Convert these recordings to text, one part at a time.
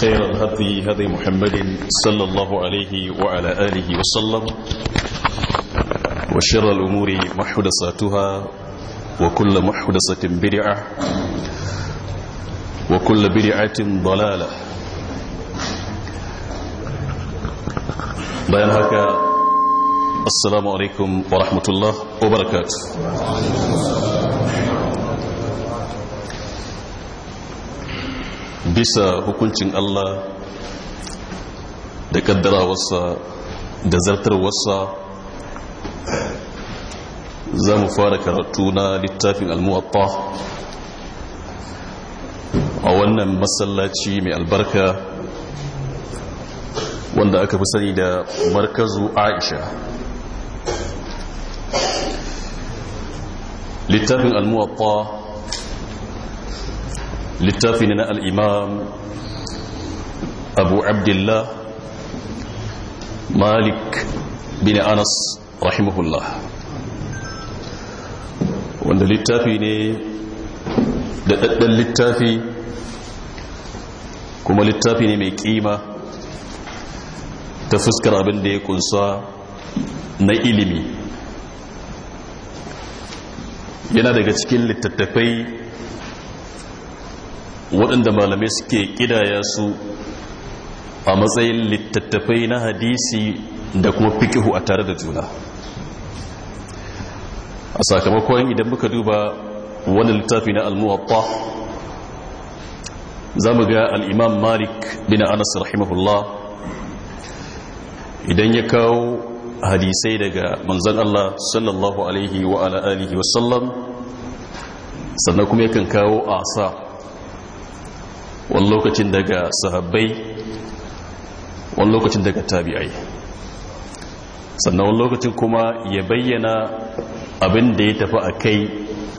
خير الهدي هدي محمد صلى الله عليه وعلى آله وسلم وشر الأمور محدثاتها وكل محدثة بدعة وكل بدعة ضلالة بيان هكا السلام عليكم ورحمة الله وبركاته bisa hukuncin Allah da wasa da wasa za mu fara karatu na littafin almuwatta a wannan masallaci mai albarka wanda aka fi sani da markazu aisha littafin almuwatta littafi ne na al'imam abu abdullah malik bin anas rahimahullah wanda littafi ne da ɗaɗɗen littafi kuma littafi ne mai ƙima ta fuskar abin da ya kunsa na ilimi yana daga cikin littattafai waɗanda malamai suke kidaya su a matsayin littattafai na hadisi da kuma fikihu a tare da juna a sakamakon idan muka duba wani littafi na almuwatta za mu ga al'imam malik bin anas rahimahullah idan ya kawo hadisai daga manzan Allah sallallahu alaihi wa ala alihi wasallam sannan kuma yakan kawo asa wani lokacin daga sahabbai wani lokacin daga tabi'ai sannan wani lokacin kuma ya bayyana abin da ya tafi a kai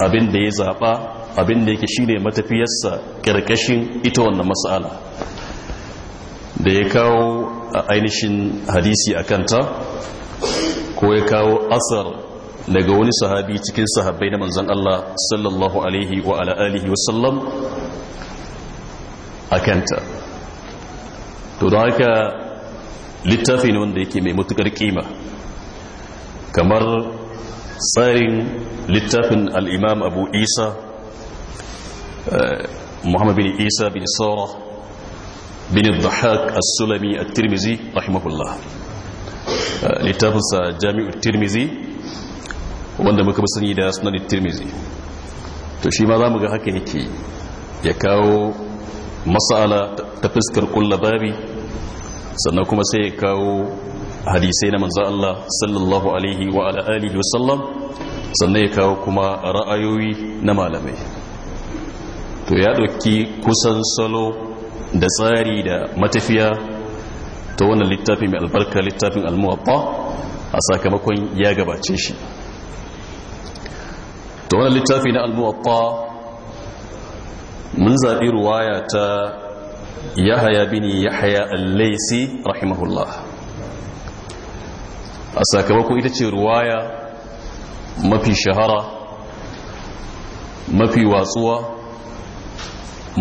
abin da ya zaɓa abin da yake shine matafiyarsa ƙarƙashin ita wannan matsala da ya kawo a ainihin hadisi a kanta ko ya kawo asar daga wani sahabi cikin sahabbai na manzan Allah sallallahu alaihi wa ala wasallam akanta to da haka littafi ne wanda yake mai matukar kima kamar tsarin littafin al'imam abu isa muhammad bin isa bin saura bin dhahak as-sulami at-tirmizi rahimahullah littafinsa jami'ul tirmizi wanda muka sani da sunan tirmizi to shi ma za mu ga haka yake ya kawo matsala ta fuskar kulla babi sannan kuma sai ya kawo hadisai na manzo Allah sallallahu alaihi wa wa sallam sannan ya kawo kuma ra'ayoyi na malamai to ya ɗauki kusan salo da tsari da matafiya ta wannan littafi mai albarka littafin almuwatta a sakamakon ya gabace shi to wannan littafi na almuwatta mun zaɓi ruwaya ta yahaya bini yahaya al-laisi rahimahullah a sakamako ita ce ruwaya mafi shahara mafi watsuwa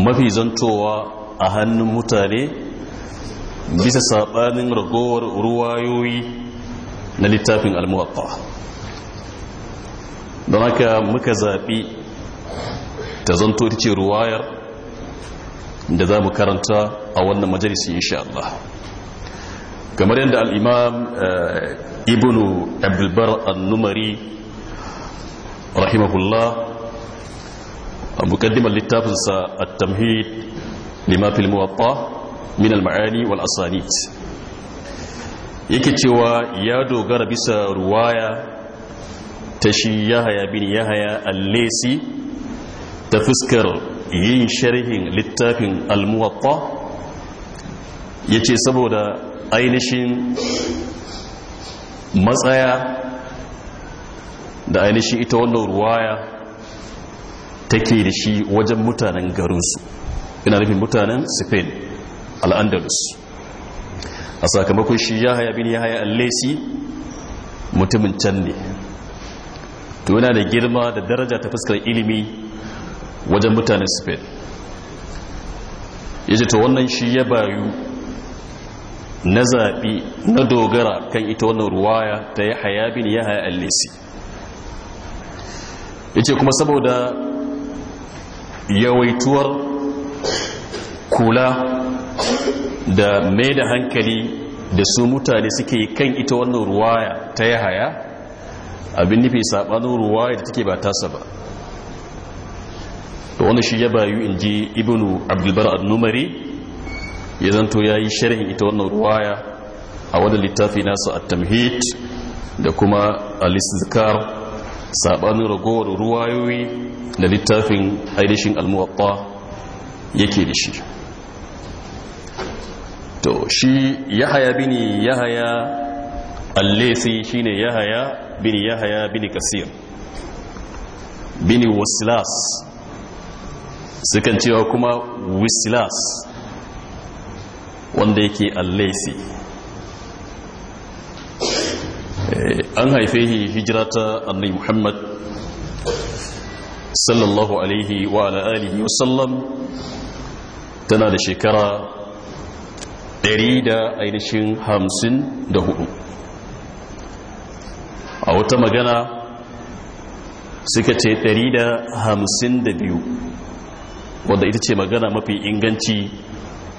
mafi zantowa a hannun mutane bisa saɓanin ragowar ruwayoyi na littafin almuwatta don haka muka zaɓi ta zanto ita ce ruwayar da za mu karanta a wannan majalisi insha Allah kamar yadda al'imam eh, ibn abdulbar al-numari rahimahullah a mukaddimar littafinsa a tamhid lima fil muwatta min al-ma'ani wal asanit yake cewa ya dogara bisa ruwaya ta shi yahaya bin yahaya al-lesi ta fuskar yin sharhin littafin almuwatta ya ce saboda ainihin matsaya da ainihin ita wannan ruwaya take da shi wajen mutanen garinsu ina nufin mutanen spain al'andalus a sakamakon shi ya haya bin ya haya allesi mutumin can ne to yana da girma da daraja ta fuskar ilimi wajen mutanen spain ya to wannan shi ya bayu na zaɓi na dogara kan ita wannan ruwaya ta yi haya bin ya haya allisi ya ce kuma saboda yawaituwar kula da mai da hankali da su mutane suke kan ita wannan ruwaya ta yi haya abin nufi saɓanin ruwaya da take ba tasa ba to wani shi ya bayu in ji ibnu abdulbar numari ya zanto ya yi sharhin ita wannan ruwaya a wadda littafi nasu a tamhid da kuma al-istizkar sabanin ragowar ruwayoyi da littafin ainihin al-muwatta yake da shi to shi yahaya bini yahaya al-laythi shine yahaya bini yahaya bini kasir bini waslas sukan cewa kuma whistlers wanda yake allaisi eh, an haife hijira ta annai muhammad sallallahu alaihi wa alihi wasallam tana da shekara 154 a wata magana suka ce 152 wanda ita ce magana mafi inganci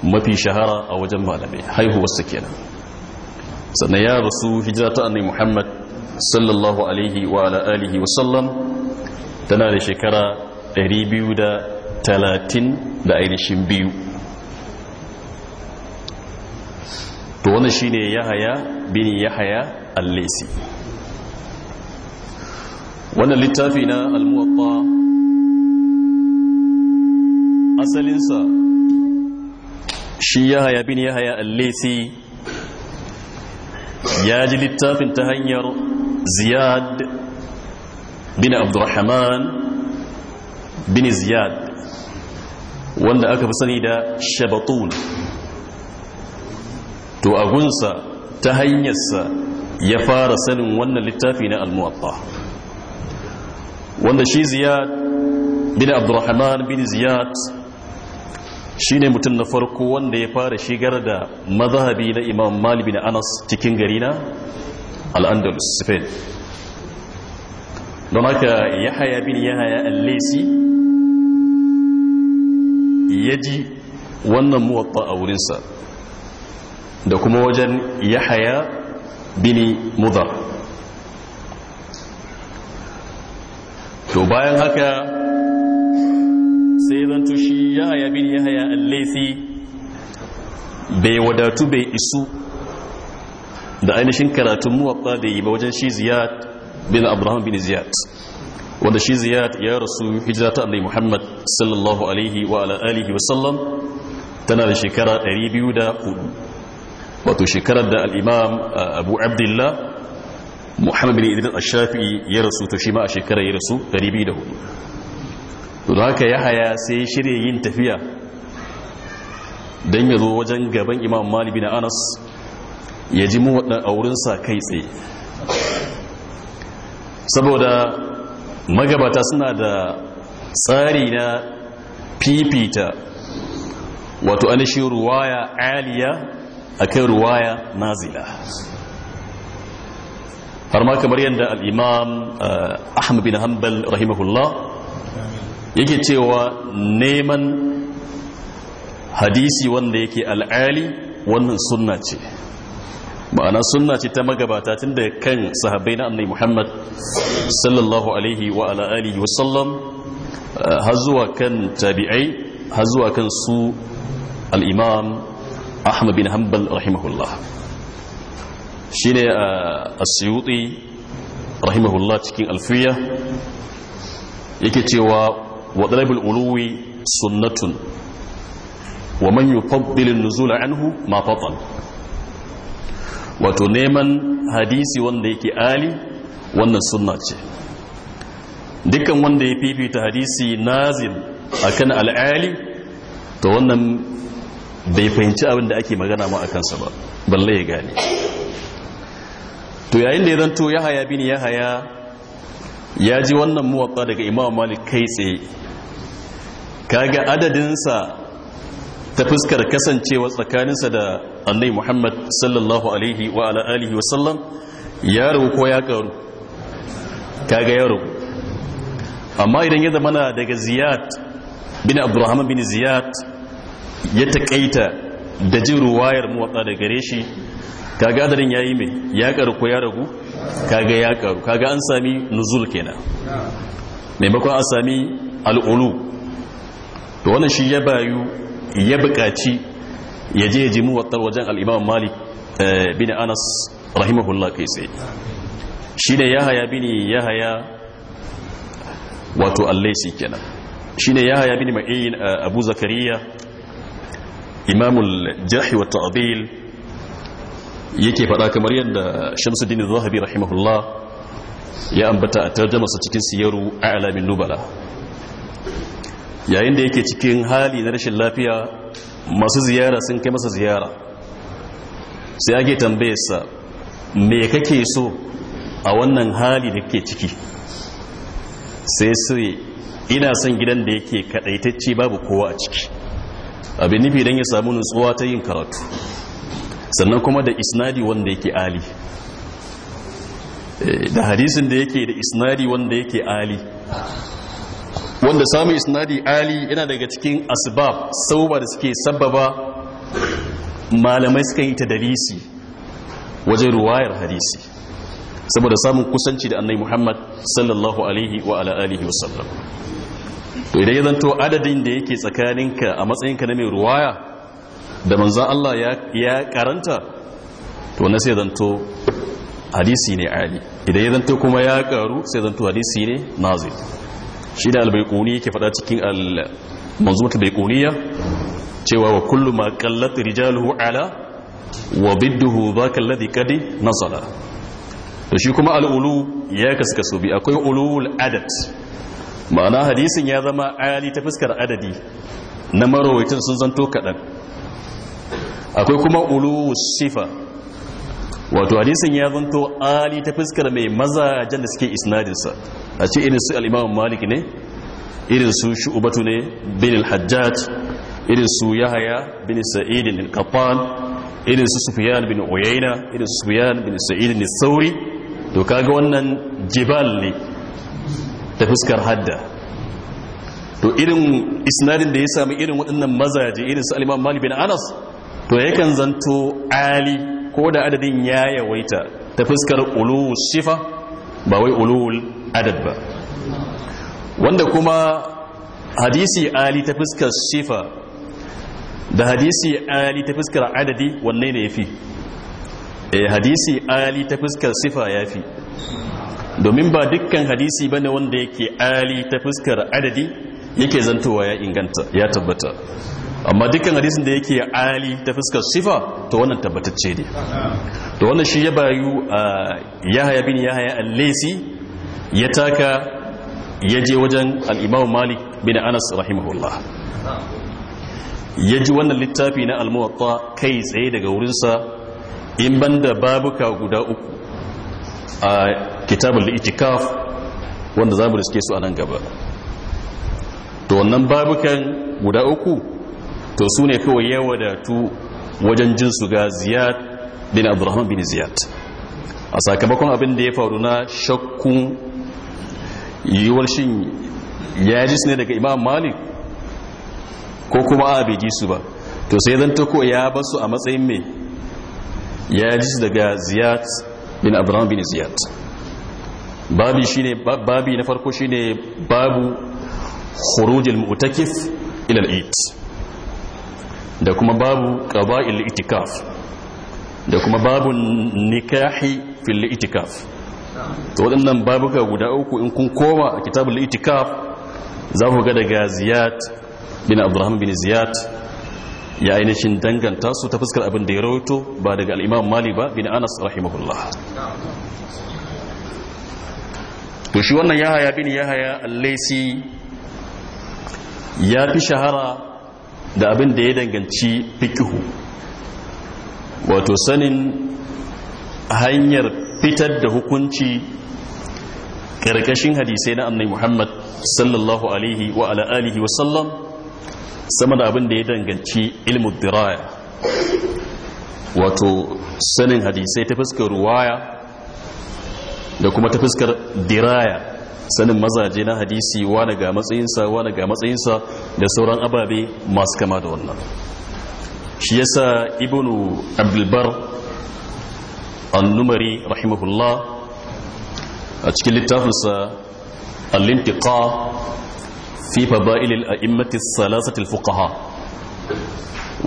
mafi shahara a wajen malamai haihuwarsa kenan sannan ya rasu hijira ta annai muhammad sallallahu alaihi wa ala'alihi wasallam tana da shekara 232 da ainihin biyu to wannan shine yahaya bin yahaya alesi lisi wannan littafi na al bayansa shi ya haya bin ya allesi ya ji littafin ta hanyar ziyad bin abdurrahman bin ziyad wanda aka fi sani da shabatun to a gunsa ta hanyarsa ya fara sanin wannan littafi na almuwatta wanda shi ziyad bin abdurrahman bin ziyad Shi ne mutum na farko wanda ya fara shigar da mazhabi na imam malik anas cikin gari na al spain don haka ya yahaya bin ya haya laisi ya ji wannan muwatta a wurinsa da kuma wajen ya haya bini mudar to bayan haka ya haya bin ya haya allaisi bai wadatu bai isu da ainihin karatun muwatta da yi ba wajen shi ziyad bin abraham bin ziyad wanda shi ziyad ya rasu hijira ta allai muhammad sallallahu alaihi wa ala alihi sallam tana da shekara 204 wato shekarar da al'imam abu abdullah muhammad bin idris al-shafi'i ya rasu to shi ma a shekarar ya rasu 204 to da haka yahaya sai ya shirya yin tafiya don ya zo wajen gaban imam malibi na anas ya ji mu waɗanda aurinsa kai tsaye saboda magabata suna da tsari na fifita wato anishin ruwaya aliya a kan ruwaya nazila har ma kamar yadda al'imam eh, ahmad bin hanbal rahimahullah yake cewa neman hadisi wanda yake al'ali wannan sunna ce ma'ana sunna ce ta magabata tun da kan sahabbai na annai muhammad sallallahu alaihi wa ala wasallam eh, har zuwa kan tabi'ai har zuwa kan su al'imam ahmad bin hanbal rahimahullah shine ne eh, a asiyuti rahimahullah cikin alfiya yake cewa wa uluwi sunnatun wa man yufaddil an-nuzul anhu ma fatal wato neman hadisi wanda yake ali wannan sunna ce dukkan wanda ya fifita hadisi nazil akan al'ali to wannan bai fahimci abin da ake magana ma a kansa ba balle ya gane to yayin da ya zanto ya haya bin ya haya ya ji wannan muwatsa daga imam malik kai tsaye kaga adadinsa ta fuskar kasancewa tsakaninsa da annai muhammad sallallahu alaihi wa ala wasallam wa ya rabu ko ya karu kaga ya rabu amma idan ya mana daga ziyad bin abdurrahman bin ziyad ya taƙaita da jin ruwayar muwatsa da gare shi kaga adadin ya yi mai ya karu ko ya ragu kaga ya karu kaga an sami nuzul kenan maimakon an sami al'ulu to wannan shi ya bayu ya bukaci ya je ji wajen al'imam malik eh, bin anas rahimahullah kai sai shi ne ya haya bini ya haya wato allaisi kenan shi ne ya haya bini ma'in eh, abu zakariya imamul jahi wa yake faɗa kamar yadda shamsuddin zahabi rahimahullah ya ambata a tarjamasa cikin siyaru a alamin nubala yayin da yake cikin hali na rashin lafiya masu ziyara sun kai masa ziyara sai ake tambayarsa me kake so a wannan hali da kake ciki sai sai ina son gidan da yake kadaitacce babu kowa a ciki abin nufi don ya samu nutsuwa ta yin karatu sannan kuma da isnadi wanda yake ali eh, da hadisin da yake da isnadi wanda yake ali wanda samun isnadi ali yana daga cikin asbab sauba da suke sababa malamai suka yi ta dalisi wajen ruwayar hadisi saboda samun kusanci da annai muhammad sallallahu alaihi wa ala wasallam to idan ya zanto adadin da yake tsakaninka a matsayinka na mai ruwaya da manzan Allah ya karanta to na sai zanto hadisi ne ali idan ya zanto kuma ya karu sai zanto hadisi ne nazil shi da albaikuni yake fada cikin al-manzumatu baikuniya cewa wa kullu ma qallat rijaluhu ala wa bidduhu dhaka alladhi na tsala. to shi kuma al-ulu ya kaskaso bi akwai ulul adad ma'ana hadisin ya zama ali ta fuskar adadi na marawaitin sun zanto kaɗan. akwai kuma ulu sifa wato hadisin ya zanto ali ta fuskar mai mazajen da suke isnadinsa a ce irin su al'imam malik ne irin su shubatu ne bin al-hajjaj irin su yahaya bin sa'idin al-kafan irin su sufiyan bin uyayna irin su sufiyan bin sa'idin sauri to kaga wannan jibal ne ta fuskar hadda to irin isnadin da ya sami irin waɗannan mazaje irin su al-imam malik bin anas to yakan zanto ali ko da adadin ya yawaita ta fuskar ulul sifa ba wai ulul adad ba wanda kuma hadisi ali ta fuskar sifa da hadisi ali ta fuskar adadi wanne ne yafi eh hadisi ali ta fuskar sifa yafi domin ba dukkan hadisi bane wanda yake ali ta fuskar adadi yake zantowa ya inganta ya tabbata amma dukkan hadisin da yake ali ta fuskar sifa to wannan tabbatacce ne to wannan shi ya bayu yahaya bin yahaya al-laisi ya taka ya je wajen al-imam malik bin anas rahimahullah ya ji wannan littafi na al-muwatta kai tsaye daga wurinsa in banda babuka guda uku a kitabul itikaf wanda zamu riske su a nan gaba to wannan babukan guda uku to su ne kawai ya wadatu wajen jin su ga ziyad bin abdurrahman bin ziyad a sakamakon abin da ya faru na shakkun yiwuwar shi ya ji su ne daga imam malik ko kuma a bai ji su ba to sai zan tako ya basu a matsayin mai ya ji su daga ziyad bin abdurrahman bin ziyad babi shine babi na farko shine babu khurujil mu'takif ila al-eid da kuma babu qaba'il itikaf da kuma babu nikahi fil itikaf to waɗannan babuka guda uku in kun koma a kitabul itikaf za ku ga daga ziyad bin abdurrahman bin ziyad ya ainihin danganta su ta fuskar abin da ya rawaito ba daga al'imam mali ba bin anas rahimahullah to shi wannan yahaya bin yahaya al ya fi shahara da abin da ya danganci fikihu wato sanin hanyar fitar da hukunci ƙarƙashin hadisai na annai muhammad sallallahu alaihi wa ala wasallam sama da abin da ya danganci ilmu diraya wato sanin hadisai ta fuskar ruwaya da kuma ta fuskar diraya sanin mazaje na hadisi wani ga matsayinsa wani ga matsayinsa da sauran ababe masu kama da wannan shi yasa ibnu abdulbar annumari rahimahullah a cikin littafinsa al-intiqa fi fada'il aimmati salasatil al-fuqaha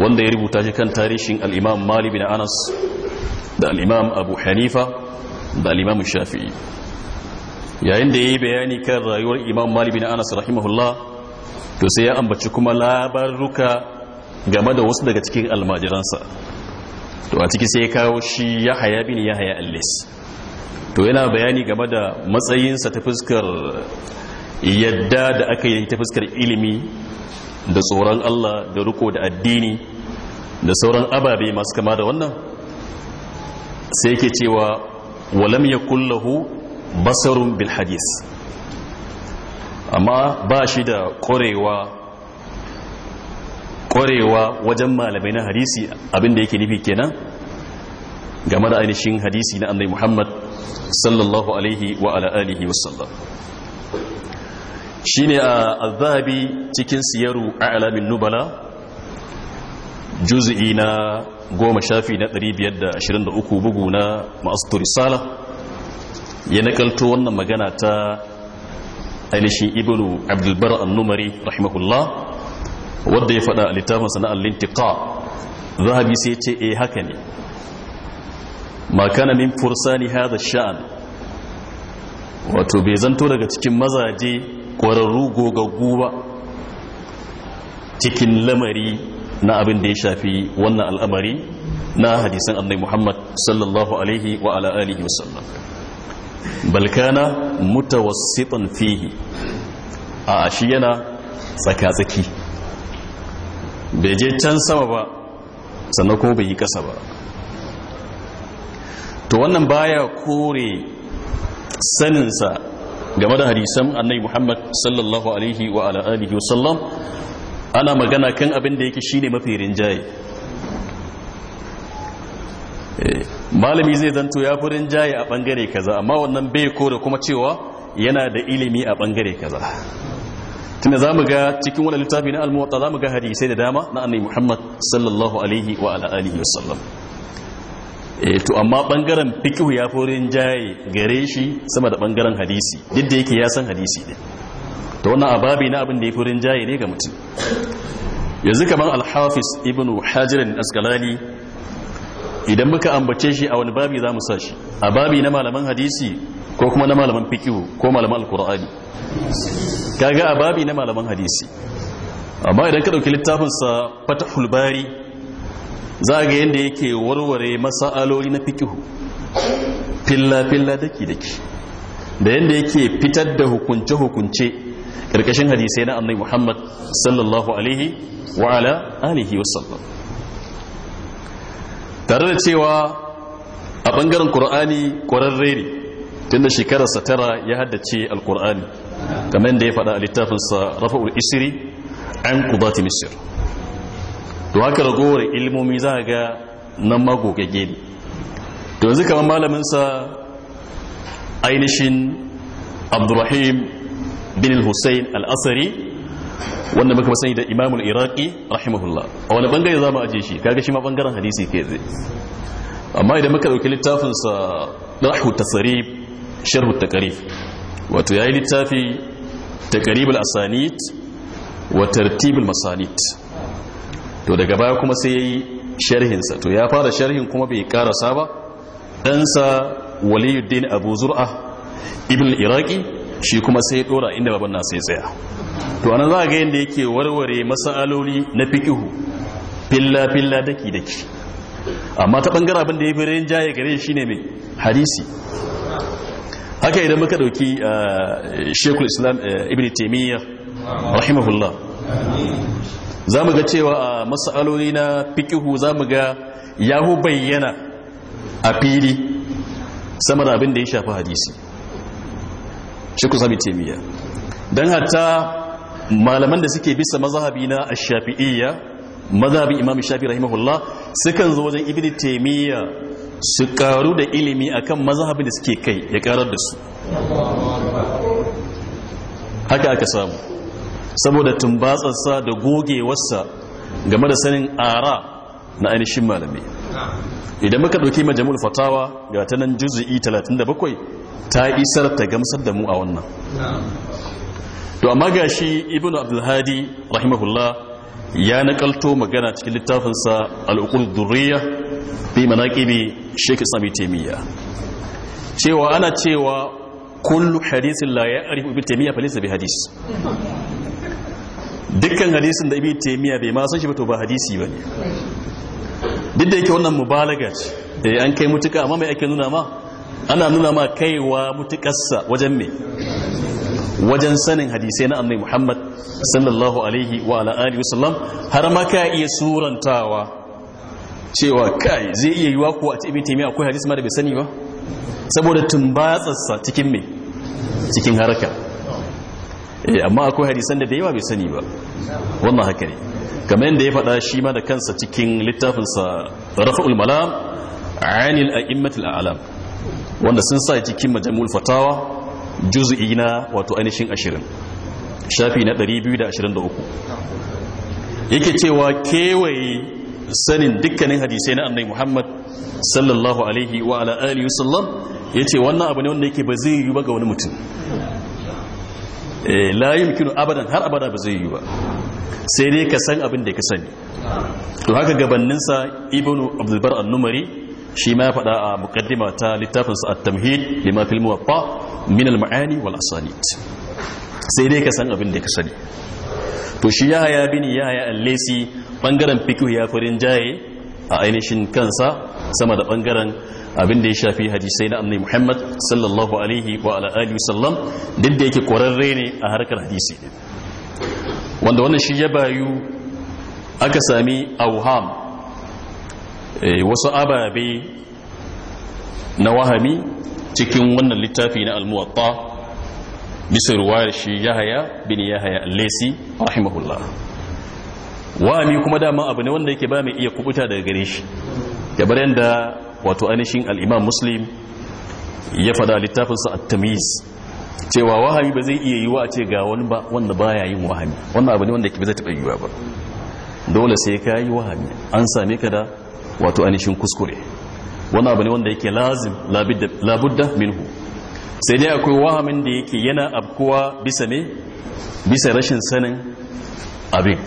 wanda ya rubuta shi kan tarihin al-imam Malik bin Anas da al-imam Abu Hanifa da al-imam Shafi'i yayin da ya yi bayani kan rayuwar imam malibi na anas rahimahullah to sai ya ambaci kuma labaruka game da wasu daga cikin almajiransa to a ciki sai ya kawo shi ya haya bin ya haya allis to yana bayani game da matsayinsa ta fuskar yadda da aka yi ta fuskar ilimi da tsoron allah da riko da addini da sauran ababe masu kama da wannan sai yake cewa walam ya kullahu basarun bil amma ba shi da korewa wajen malamai na hadisi abinda yake nufi kenan game da ainihin hadisi na annai muhammad sallallahu alaihi wa ala alihi wasallam shi ne a azabi cikin siyaru a alamin nubala juzi'i na goma shafi na 523 bugu na ma'astur risala ya nakalto wannan magana ta ainihin ibnu abdulbar annumari rahimahullah wadda ya faɗa a littafin sana'ar lintiqa zahabi sai ce eh haka ne makana min fursa fursani hadha sha'an wato bai zanto daga cikin mazaje ƙwararru gogaggu ba cikin lamari na abin da ya shafi wannan al'amari na hadisan annai muhammad sallallahu alaihi wa ala alihi wasallam balkana mutawassitan fihi a shi yana tsaka-tsaki bai je can sama ba sannan ko bai yi kasa ba to wannan baya kore saninsa game da hadisan annai muhammad sallallahu alaihi wa ala'alihi wasallam ana magana kan abin da yake shine mafi rinjaye eh, malami zai zanto ya fi rinjaye a bangare kaza amma wannan bai kore kuma cewa yana da ilimi a bangare kaza tunda za ga cikin wani littafi na almuwatta za mu ga hadisai da dama na annabi muhammad sallallahu alaihi wa ala alihi wasallam eh, to amma bangaren fiqh ya furin jaye gare shi sama da bangaren hadisi duk da yake ya san hadisi din to wannan ababi na abin da ya fi rinjaye ne ga mutum yanzu kaman al-hafiz ibnu hajar al-asqalani idan muka ambace shi a wani babi za mu sa shi a babi na malaman hadisi ko kuma na malaman fikihu ko malaman alkur'ani kaga a babi na malaman hadisi amma idan ka ɗauki littafinsa fatahul bari za ga yanda yake warware masa'aloli na fikihu filla-filla daki-daki da yadda yake fitar da hukunce-hukunce karkashin hadisi na annabi muhammad sallallahu alaihi wa ala alihi wasallam tare da cewa a bangaren ƙur'ani ƙwararre ne da shekararsa tara ya haddace alkur'ani kamar da ya faɗa a littafinsa rafa'ul isiri an kudati misir to haka ragowar ilmomi za a ga nan magogage ne to yanzu kamar malaminsa ainihin abdurrahim bin hussein al'asari wanda muka sani da imamul iraqi rahimahullah a wani bangare za mu aje shi kaga shi ma bangaren hadisi ke zai amma idan muka dauki littafinsa rahu tasarib sharhu takarif wato yayi littafi takarib al-asanid wa tartib al-masanid to daga baya kuma sai yayi sharhin sa to ya fara sharhin kuma bai karasa ba dan sa waliyuddin abu zur'a ibn iraqi shi kuma sai ya dora inda baban nasa ya tsaya to anan za ga yadda yake warware mas'aloli na fikihu filla filla daki daki amma ta bangara abin da ya fi rinjaye gare shi ne mai hadisi haka idan muka dauki ah, shekul islam eh, ibn taimiyya rahimahullah za mu ga cewa a ah, na fikihu za mu ga yahu bayyana a fili sama da abin da ya shafi hadisi shekul Sami taimiyya don hatta malaman da suke bisa mazhabi na ash-shafi'iyya mazhabi imami shafi rahimahullah sukan zo wajen ibnu taymiya su karu da ilimi akan mazhabin da suke kai ya karar da su haka aka samu saboda tumbatsarsa da gogewarsa game da sanin ara na ainihin malami idan muka ɗauki majamul fatawa ga ta nan juzi'i 37 ta isar ta gamsar da mu a wannan to amma ga shi ibnu abdulhadi rahimahullah ya nakalto magana cikin littafinsa al'ukul durriya bi manaqibi shaykh sami taymiya cewa ana cewa kullu hadisin la ya'rifu ibnu taymiya fa laysa bi hadis dukkan hadisin da ibnu bai ma san shi ba to ba hadisi bane duk da yake wannan mubalaga ce da an kai mutuka amma mai ake nuna ma ana nuna ma kaiwa mutukarsa wajen me wajen sanin hadisai na annabi Muhammad sallallahu alaihi wa ala alihi wasallam har ma ka iya surantawa cewa kai zai iya yiwa ko a cikin taimiya akwai hadis ma bai sani ba saboda tumbatsarsa cikin me cikin haraka eh, amma akwai hadisan da da yawa bai sani ba wannan haka ne kamar yadda ya faɗa shi ma da kansa cikin littafinsa rafa'ul malam anil a'immatul a'lam wanda sun sa cikin majamul fatawa juz'i na wato ainihin ashirin shafi na 223 yake cewa kewaye sanin dukkanin hadisai na annai muhammad sallallahu alaihi wa ala alihi sallam ya ce wannan abu ne wanda yake ba zai yi ba ga wani mutum eh, la yumkinu abadan har abada ba zai yi ba sai dai ka san abin da ka sani to haka gabaninsa ibnu abdulbar annumari shi ma ya faɗa a muqaddima ta littafin sa at-tamhid lima fil muwatta min al-ma'ani wal asanid sai dai ka san abin da ka sani to shi ya haya bin ya haya allesi bangaren fiqh ya furin jaye a ainihin kansa sama da bangaren abin da ya shafi hadisai na annabi Muhammad sallallahu alaihi wa ala alihi sallam duk da yake korarre ne a harkar hadisi wanda wannan shi ya bayu aka sami auham Eh, wasu ababe na wahami cikin wannan littafi na almuwatta bisa ruwayar shi yahaya bin yahaya lesi rahimahullah wahami kuma dama abu ne wanda yake ba mai iya kubuta daga gare shi gabar yadda wato ainihin al'imam muslim ya fada littafinsa a tamiz cewa wahami ba zai iya yi wa ce ga wani ba wanda baya yin wahami wannan abu ne wanda yake ba zai taɓa yiwa ba dole sai ka yi wahami an same ka da wato anishin kuskure wani abu ne wanda yake lazim labudda minhu sai dai akwai wahamin da yake yana abkuwa bisa ne bisa rashin sanin abin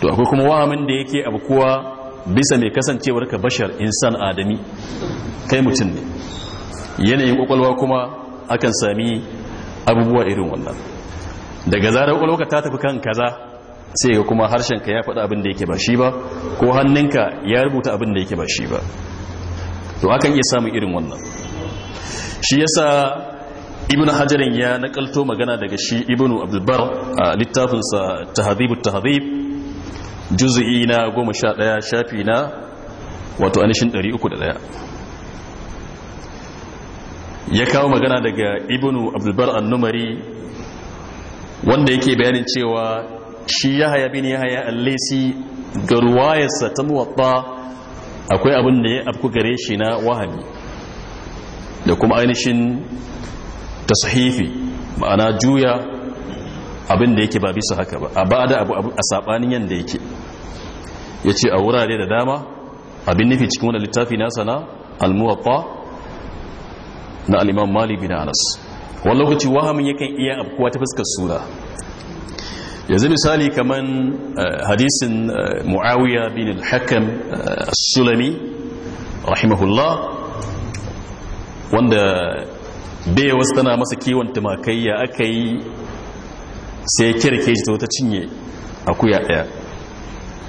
to akwai kuma wahamin da yake abkuwa bisa mai kasancewar ka bashar insan adami kai mutum ne yanayin kwakwalwa kuma akan sami abubuwa irin wannan daga zarar kwakwalwa ta tafi kan kaza sai ga kuma harshenka ya faɗa abin da yake ba shi ba ko hannunka ya rubuta abin da yake ba shi ba to akan iya samun irin wannan shi yasa ibn hajarin ya nakalto magana daga shi ibn abdulbar a littafinsa tahadhibu tahadhib juz'i na 11 shafi na wato anishin 301 ya kawo magana daga ibn abdulbar annumari wanda yake bayanin cewa shi yahaya bin yahaya allaisi ga ruwayarsa ta muwatta akwai abin da ya afku gare shi na wahabi da kuma ainihin sahifi ma'ana juya abin da yake ba bisa haka ba a bada abu a sabanin yadda yake ya ce a wurare da dama abin nufi cikin wani littafi nasa na almuwatta na al'imman mali bin anas wani lokaci wahamin yakan iya kuwa ta fuskar sura yanzu misali kaman eh, hadisin eh, muawiya bin al-hakam eh, sulami rahimahullah wanda bai wasu tana masa kiwon tumakaiya aka yi sai kirke ta wata cinye akuya daya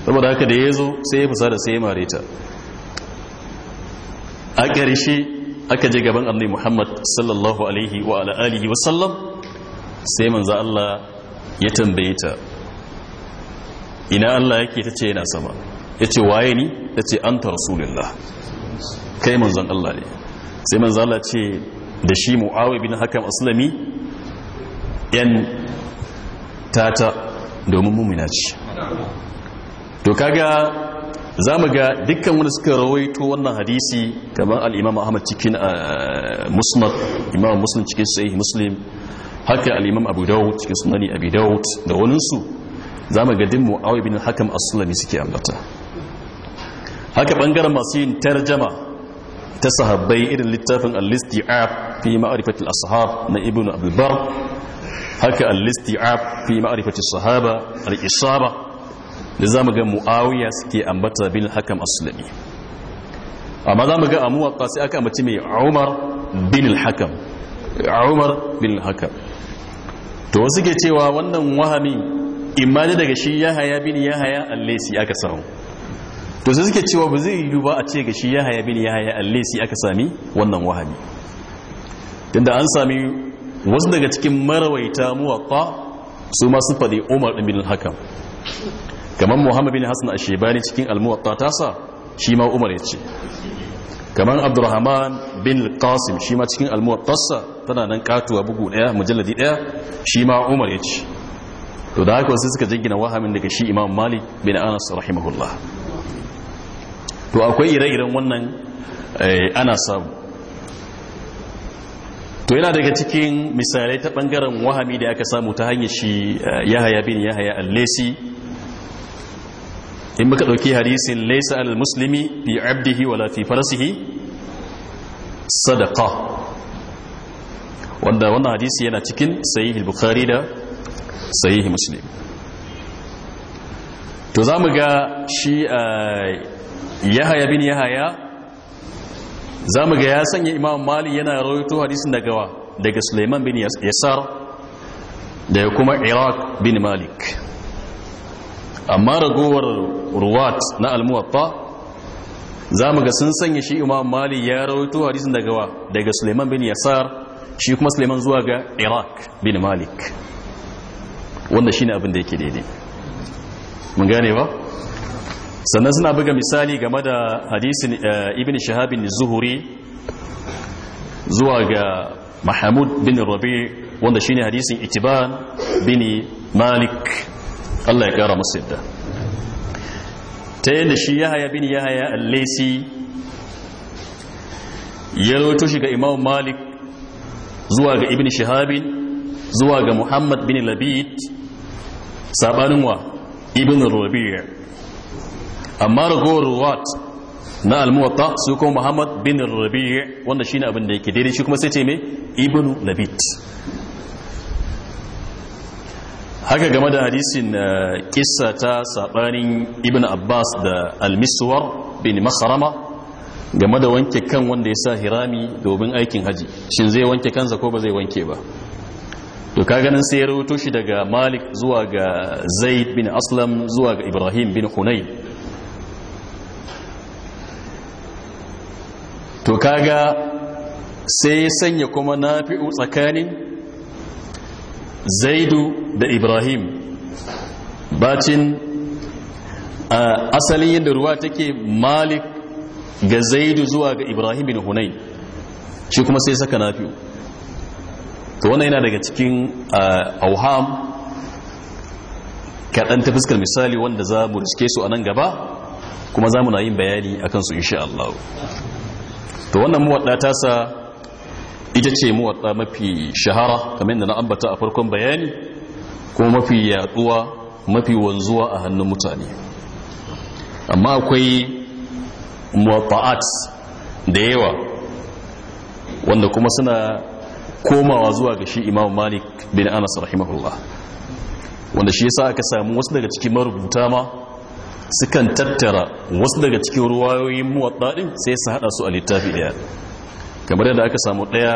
saboda haka da ya zo sai ya fusa da sai ya mare ta a ƙarshe aka je gaban annabi muhammad sallallahu alaihi wa alihi wasallam sai manza Allah ya tambaye ta ina Allah yake ta ce yana sama ya ce waye ni ta ce an ta rasulullah kai manzon Allah ne sai manzon Allah ce da shi mu'awai bin hakan aslami yan tata domin mummina ce to kaga za mu ga dukkan wani suka rawaito wannan hadisi kamar al'imam ahmad cikin eh, musnad cikin sai muslim haka al-imam abu dawud cikin sunani abu dawud da waninsu za mu ga din mu'awai bin hakam as-sulami suke ambata haka bangaren masu yin tarjama ta sahabbai irin littafin al-isti'ab fi ma'rifatil ashab na ibnu abdul bar haka al-isti'ab fi ma'rifatil sahaba al-isaba da za mu ga mu'awiya suke ambata bin hakam as-sulami amma za mu ga amuwa sai aka ambaci mai umar bin al-hakam umar bin al-hakam to wasu cewa wannan wahami imani daga shi ya haya bin ya haya allesi aka samu to su suke cewa ba zai yi ba a ce ga shi ya haya bin ya haya allesi aka sami wannan wahami tunda an sami wasu daga cikin marawaita muwaƙa su ma su faɗi umar ɗin bin hakan kamar muhammad bin hassan shebani cikin almuwaƙa tasa shi ma umar ya ce kamar abdurrahman bin qasim shi ma cikin almuwattasa tana nan katuwa bugu daya mujalladi daya shi ma umar ya to da haka sai suka jingina wahamin daga shi imam malik bin anas rahimahullah to akwai ire-iren wannan eh, ana samu to yana daga cikin misalai ta bangaren wahami da aka samu ta hanyar shi eh, yahaya bin yahaya al-lesi in muka dauki hadisin laysa al-muslimi bi abdihi wala fi farasihi sadaka wanda wannan hadisi yana cikin sahihi bukhari da sahihi muslim to za mu ga shi eh, yahaya bin yahaya za mu ga ya sanya imam mali yana rawaito hadisin daga gawa daga suleiman bin yasar da kuma iraq bin malik amma ragowar ruwat na almuwatta za mu ga sun sanya shi imam mali ya rawaito hadisin daga wa daga suleiman bin yasar shi kuma suleiman zuwa ga iraq bin malik wanda shi ne abin da yake daidai mun gane ba sannan suna buga misali game da hadisin eh, ibn shahabin zuhuri zuwa ga mahamud bin rabi wanda shi ne hadisin itiban bin malik allah ya kara masu yadda ta yadda shi haya bin yahaya haya laisi ya rawaito shi ga imam malik zuwa ga ibn shahabin zuwa ga muhammad bin labid sabanin wa ibn rabi'a amma ragowar ruwat na almuwatta su kuma muhammad bin rabi'a wanda shine abin da yake daidai shi kuma sai ce mai ibn labid haka game da hadisin eh, kisa ta sabanin ibn abbas da almiswar bin masarama game da wanke kan wanda ya sa hirami domin aikin haji shin zai wanke kansa ko ba zai wanke ba to ka ganin sai ya rawato shi daga malik zuwa ga zaid bin aslam zuwa ga ibrahim bin hunayn to kaga sai ya sanya kuma nafi'u tsakanin zaidu da ibrahim bacin asalin yadda ruwa take malik ga zaidu zuwa ga ibrahim bin hunain shi kuma sai saka nafi'u to wannan yana daga cikin auham kaɗan ta fuskar misali wanda za mu riske su a nan gaba kuma za mu na yin bayani a kansu sha Allah to wannan muwaɗa ta sa ita ce muwatta mafi shahara kamar da na ambata a farkon bayani kuma mafi yaduwa mafi wanzuwa a hannun mutane amma akwai muwatta'at da yawa wanda kuma suna komawa zuwa ga shi imam malik bin anas rahimahullah wanda shi yasa aka samu wasu daga cikin marubuta ma sukan tattara wasu daga cikin ruwayoyin muwatta sai su hada su a littafi ɗaya. kamar yadda aka samu ɗaya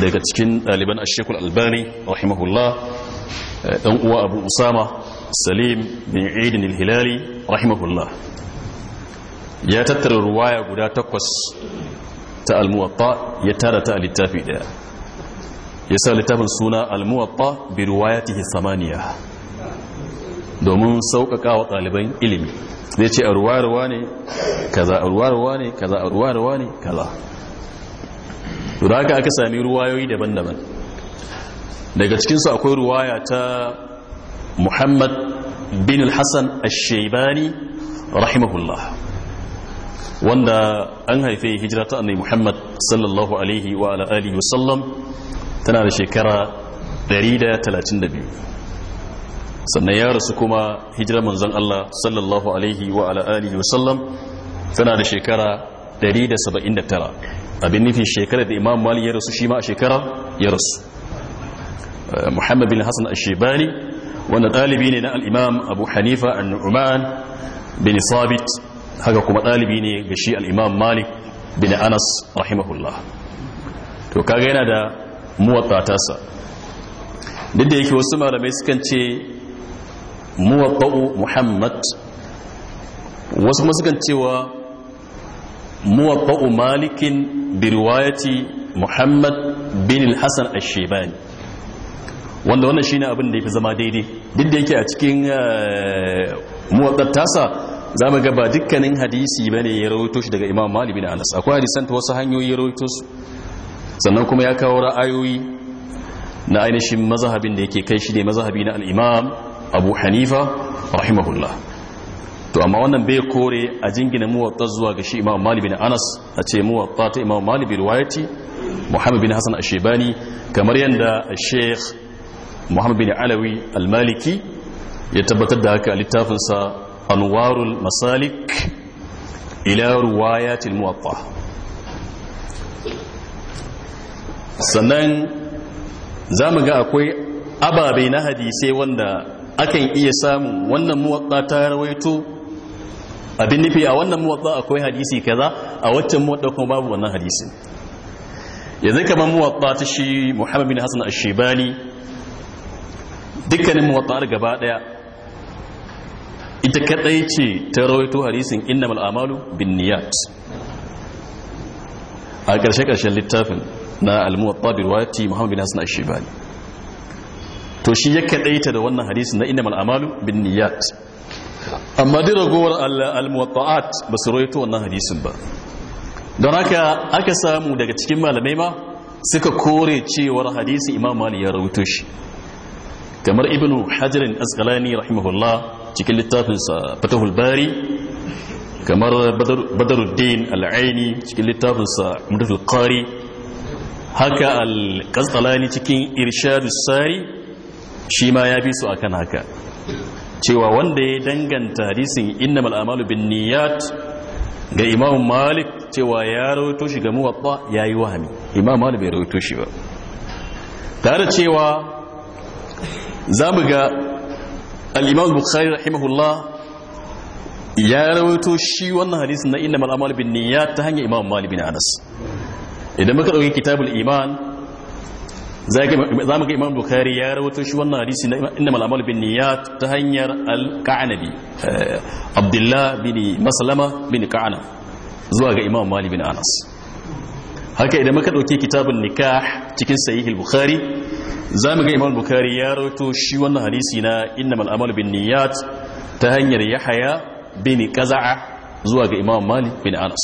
daga cikin ɗaliban ashekul albani rahimahullah eh, ɗan uwa abu usama salim bin idin hilali rahimahullah ya tattara ruwaya guda takwas ta almuwatta ya tara ta a littafi ɗaya ya sa littafin suna almuwatta bi ruwayatihi samaniya domin sauƙaƙa wa ɗaliban ilimi zai ce a ruwa-ruwa ne kaza a ruwa-ruwa ne kaza a ruwa-ruwa ne kaza to da haka aka sami ruwayoyi daban-daban daga cikinsu akwai ruwaya ta muhammad bin al-hassan al-shaibani rahimahullah wanda an haife hijira ta annabi muhammad sallallahu alaihi wa ala alihi wasallam tana da shekara 132 sannan ya rasu kuma hijira manzan allah sallallahu alaihi wa ala alihi wasallam tana da shekara 179 abin nufi shekarar da imam mali ya rasu shi ma a shekara ya rasu eh, muhammad bin hassan ashebani wanda ɗalibi ne na al'imam abu hanifa numan bin sabit haka kuma ɗalibi ne ga shi al'imam malik bin anas rahimahullah to kaga yana da muwatta tasa duk da yake wasu malamai sukan ce muwatta'u muhammad wasu kuma sukan cewa muwaffa'u malikin برواية محمد muhammad الحسن al-hasan wanda wannan shine abin da yafi zama daidai duk da yake a cikin muwaffaq tasa za mu ga ba dukkanin hadisi bane ya rawaito shi daga imam malik bin anas akwai hadisan ta wasu hanyoyi ya rawaito su sannan kuma ya kawo ra'ayoyi na ainihin mazhabin da yake kai shi ne mazhabi na al-imam abu hanifa rahimahullah to amma wannan bai kore a jingina muwatta zuwa ga shi imam malik anas a ce muwatta ta imam malik wayati muhammad bin hassan ashebani kamar yadda sheikh muhammad bin alawi al ya tabbatar da haka a littafinsa anwarul masalik ila ruwayatil muwatta sannan za mu ga akwai ababe na hadisai wanda akan iya samun wannan muwatta ta rawaito abin nufi a wannan muwatta akwai hadisi kaza a waccan muwatta kuma babu wannan hadisin yanzu kamar muwatta ta shi muhammad bin hassan ashebani dukkanin da gaba daya ita kadai ce ta rawaito hadisin innamal amalu bin niyat a ƙarshe-ƙarshen littafin na al-muwatta bi ruwayati muhammad bin hassan ashebani to shi ya kadaita da wannan hadisin na innamal amalu bin niyat amma dai ragowar al-muwatta'at ba su roito wannan hadisin ba don haka aka samu daga cikin malamai ma suka kore cewar hadisi imam mali ya rawaito shi kamar ibnu hajarin asqalani rahimahullah cikin littafinsa fatahul bari kamar badaruddin al'aini cikin littafinsa mudafil qari haka al-qasqalani cikin irshadus sari shi ma ya bi su akan haka cewa wanda ya danganta hadisin inna amalu bin niyat ga imam malik cewa ya rawaito shi ga muwatta yi wahami imam malik bai rawaito shi ba tare cewa zamu ga al'imam bukhari rahimahullah ya rawaito shi wannan hadisin na inna amalu bin niyat ta hanyar imam malik bin anas idan muka dauki kitabul iman za mu ga imam bukhari ya rawato shi wannan hadisi na inna malamal bin niyat ta hanyar al-ka'anabi eh, abdullah bin maslama bin ka'ana zuwa ga imam mali bin anas haka idan muka dauke kitabun nikah cikin sahih al-bukhari za mu ga imam bukhari ya rawato shi wannan hadisi na inna malamal bin niyat ta hanyar yahya bin qaza'a zuwa ga imam mali bin anas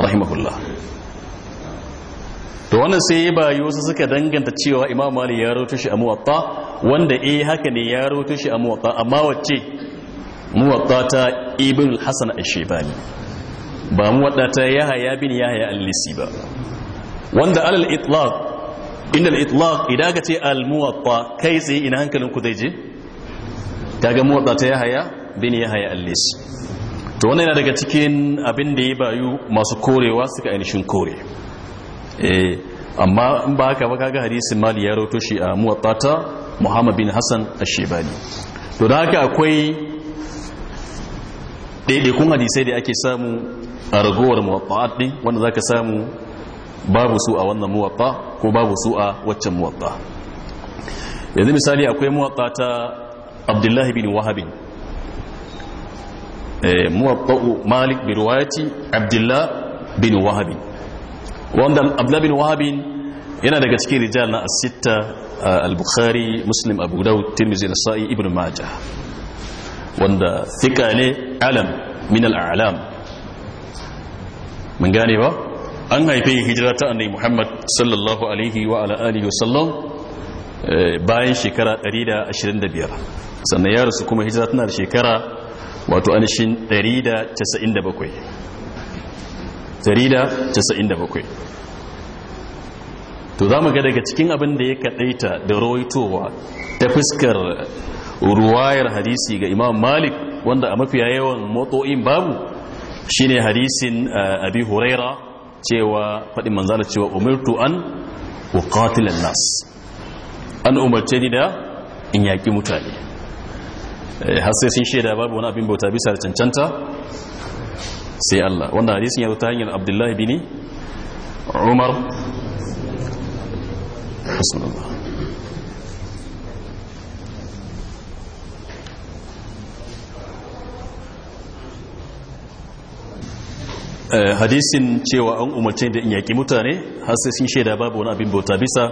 rahimahullah to wannan sai ya bayu wasu suka danganta cewa imam mali ya rawaito shi a muwatta wanda eh haka ne ya rawaito shi a muwatta amma wacce muwatta ta ibn hasan ash-shaybani ba muwatta ta yahya bin yahya al-lisi ba wanda alal itlaq inda al-itlaq idan ka ce al-muwatta kai tsaye ina hankalin ku zai je kaga muwatta ta yahya bin yahya al-lisi to wannan yana daga cikin abin da ya bayu masu korewa suka ainihin korewa Eh, amma in ba haka ba kaga hadisin mali ya roto shi a muwattata muhammad bin hassan ash to da haka akwai daidaikun hadisai da ake samu a ragowar muwatta'at din wanda ka samu babu su a wannan muwatta ko babu su a waccan muwatta yanzu misali akwai muwatta ta abdullahi bin wahabin eh, muwatta malik Abdullahi bin wahabin wanda abdullahi bin wahabin yana daga cikin rijal na asitta uh, al-bukhari muslim abu daud tirmidhi da ibn majah wanda thika ne alam min al-a'lam mun gane ba an haife hijira ta annabi muhammad sallallahu alaihi wa ala alihi wa sallam eh, bayan shekara 125 sannan ya rasu kuma hijira tana da shekara wato anishin 197 97 to za mu ga daga cikin abin da ya kaɗaita da rawaitowa ta fuskar ruwayar hadisi ga imam malik wanda a mafiya yawan motso'in babu shine hadisin eh, abi huraira cewa faɗin manzana cewa umirtu an uqatilan nas an umarce ni da in yaƙi mutane eh, har sai sun shaida babu wani abin bauta bisa da cancanta sai Allah wannan hadisin ya zo ta hanyar Abdullahi bin Umar eh, hadisin cewa an umarce da in yaƙi mutane har sai sun shaida babu wani abin bauta bisa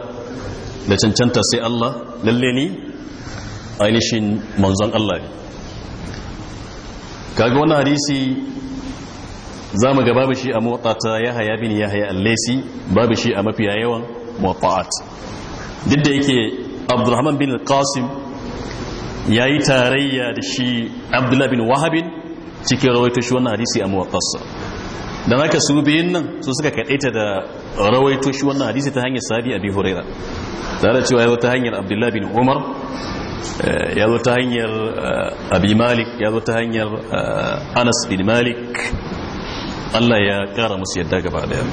da cancanta sai Allah lalle ni ainihin manzon Allah ne kaga wani hadisi za mu ga babu shi a motata ya haya bin ya haya allesi babu shi a mafiya yawan mota'at duk da yake abdulrahman bin qasim ya yi tarayya da shi abdullah bin wahabin cikin rawaito shi wannan hadisi a muwattasa don haka su biyun nan su suka kaɗaita da rawaito shi wannan hadisi ta hanyar sahabi abi huraira Da cewa ya zo ta hanyar abdullah bin umar eh, ya zo ta hanyar eh, abi malik ya zo ta hanyar eh, anas bin malik Allah ya kara musu yadda gaba daya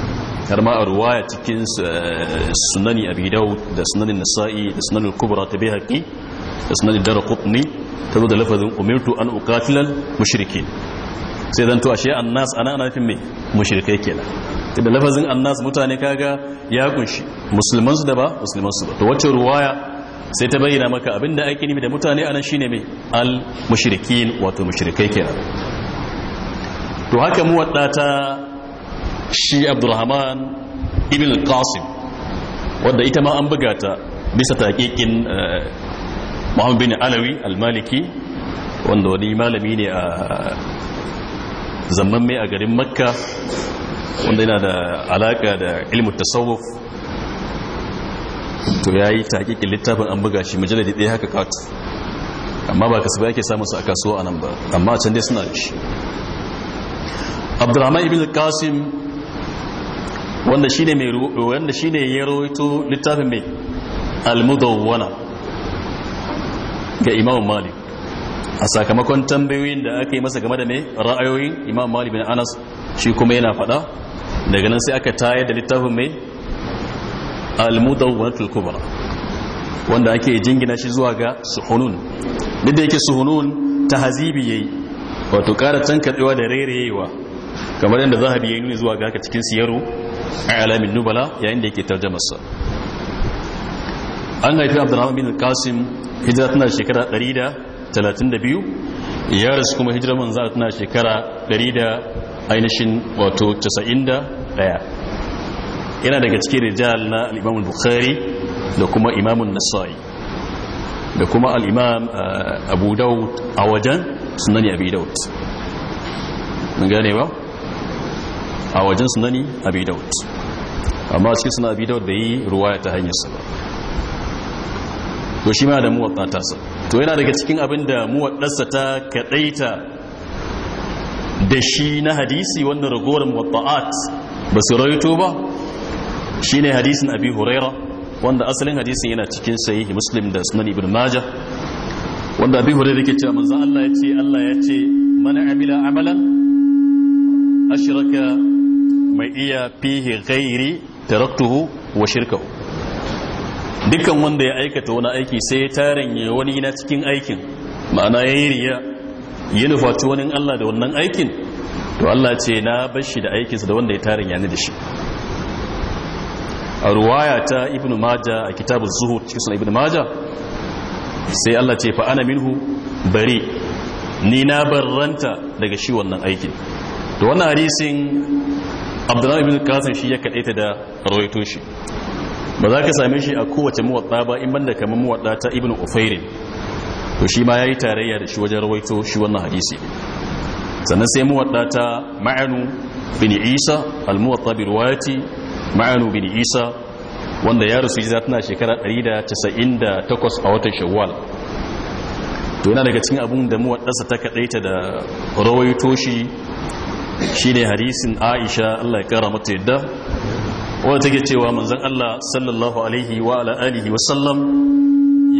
har ma a ruwaya cikin eh, sunani abi daud da sunanin nasa'i da sunanin kubra ta haƙi da sunanin darqutni ta zo da lafazin umirtu an uqatilal mushrikin sai zan to ashe annas ana ana nufin me mushrikai kenan da lafazin annas mutane kaga ya kunshi musulman su da ba musulman su ba to wacce ruwaya sai ta bayyana maka abinda ake nufi da mutane anan shine me al mushrikin wato mushrikai kenan to haka mu ta shi abdurrahman ibn al qasim wadda ita ma an buga ta bisa taƙiƙin eh, muhammad bin alawi almaliki wanda wani malami ne a zamman mai a garin makka wanda yana da alaka da ilmin tasawuf to ya yi littafin an buga shi majaladi dai haka kawai amma ba kasu ba yake samun su a kasuwa a nan ba amma a can dai suna shi abdurrahman ibn qasim wanda shine mai ya rawaito littafin mai al-mudawwana ga imam malik a sakamakon tambayoyin da aka yi masa game da mai ra'ayoyin imam malik bin anas shi kuma yana faɗa daga nan sai aka tayar da littafin mai al-mudawwanatul kubra wanda ake jingina shi zuwa ga suhunun duk da yake suhunun tahzibi yayi wato ƙara tankadewa da rereyewa kamar yadda zahabi ya yi nuni zuwa ga haka cikin siyaru a alamin nubala yayin da yake tarjamasa an haifi abdurrahman bin kasim hijira tana shekara 132 ya rasu kuma hijira manzo tana shekara 100 da ainihin wato 91 yana daga cikin rijal na al'imamun bukhari da kuma imamun nasai da kuma al'imam eh, abu daud a wajen sunani abi daud mun gane ba a wajen sunani abi daud amma cikin suna abi daud bai yi ruwaya ta hanyar sa ba to shi ma da muwatta ta sa to yana daga cikin abin da muwaddarsa ta kadaita da shi na hadisi wannan ragowar muwatta'at ba su rawaito ba shine hadisin abi huraira wanda asalin hadisin yana cikin sahihi muslim da sunan ibn majah wanda abi huraira yake cewa manzo Allah ya ce Allah ya ce man amila amalan ashraka mai iya fihi ghairi taraktuhu wa shirkahu dukkan wanda ya aikata wani aiki sai ya ya wani na cikin aikin ma'ana ya yi riya ya nufaci wani Allah da wannan aikin to Allah ce na bar shi da aikinsa da wanda ya taranya ni da shi a ruwaya ta ibn maja a kitabun zuhur cikin sunan ibn maja sai Allah ce fa ana minhu bari ni na barranta daga shi wannan aikin to wannan hadisin abdullahi bin kasan shi ya kaɗaita da rawaito shi ba za ka same shi a kowace muwadda ba in banda kamar muwadda ta ibn ufairin to shi ma ya yi tarayya da shi wajen rawaito shi wannan hadisi sannan sai muwadda ta ma'anu bin isa al bi ruwayati ma'anu bin isa wanda ya rasu jiza tana shekara 198 a watan shawwal to yana daga cikin abun da sa ta kaɗaita da rawaito shi Shi ne hadisin Aisha Allah ya kara mata yadda wanda take cewa manzon Allah sallallahu alaihi wa ala wasallam wa sallam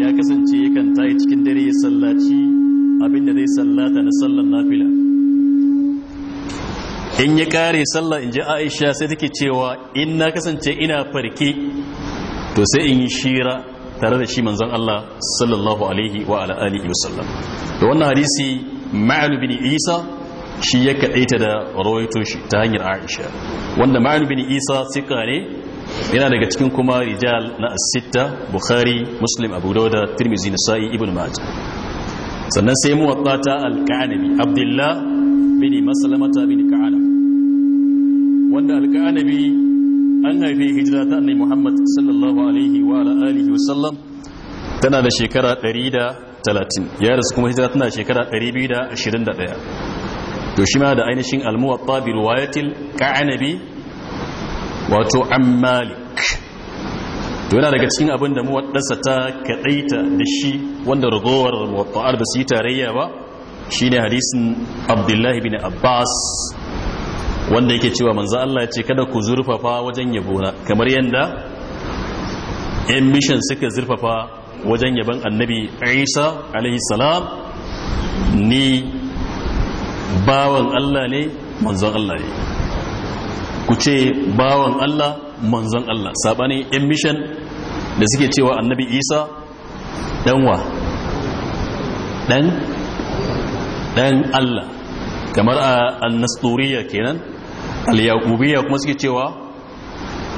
ya kasance yakan tayi cikin dare ya sallaci abinda zai sallata na sallan nafila in ya kare sallah in ji Aisha sai take cewa in na kasance ina farke to sai in yi shira tare da shi manzan Allah sallallahu alaihi wa ala wasallam da wannan hadisi ma'al bin Isa shi ya kaɗaita da rawaito shi ta hanyar aisha wanda ma'an bin isa sika ne yana daga cikin kuma rijal na asitta bukhari muslim abu dauda tirmizi sa'i ibn mata sannan sai muwa ta alka'anabi abdullah bin masalamata bin ka'anab wanda alka'anabi an haife hijira ta annai muhammad sallallahu alaihi wa alihi wa sallam tana da shekara 130 ya rasu kuma hijira tana da shekara 221 to shi ma da ainihin almuwatta bi riwayatil ka'anabi wato an malik to yana daga cikin abin da muwaddarsa ta kadaita da shi wanda ragowar muwatta'ar ba su yi tarayya ba shine hadisin abdullahi bin abbas wanda yake cewa manzo Allah ya ce kada ku zurfafa wajen na kamar yanda yan suka zurfafa wajen yaban annabi Isa alaihi ni bawan Allah ne manzon Allah ne ku ce bawan Allah manzon Allah sabanin yan mission da suke cewa annabi isa danwa dan dan Allah kamar a annasturiya kenan al yaqubiyya kuma suke cewa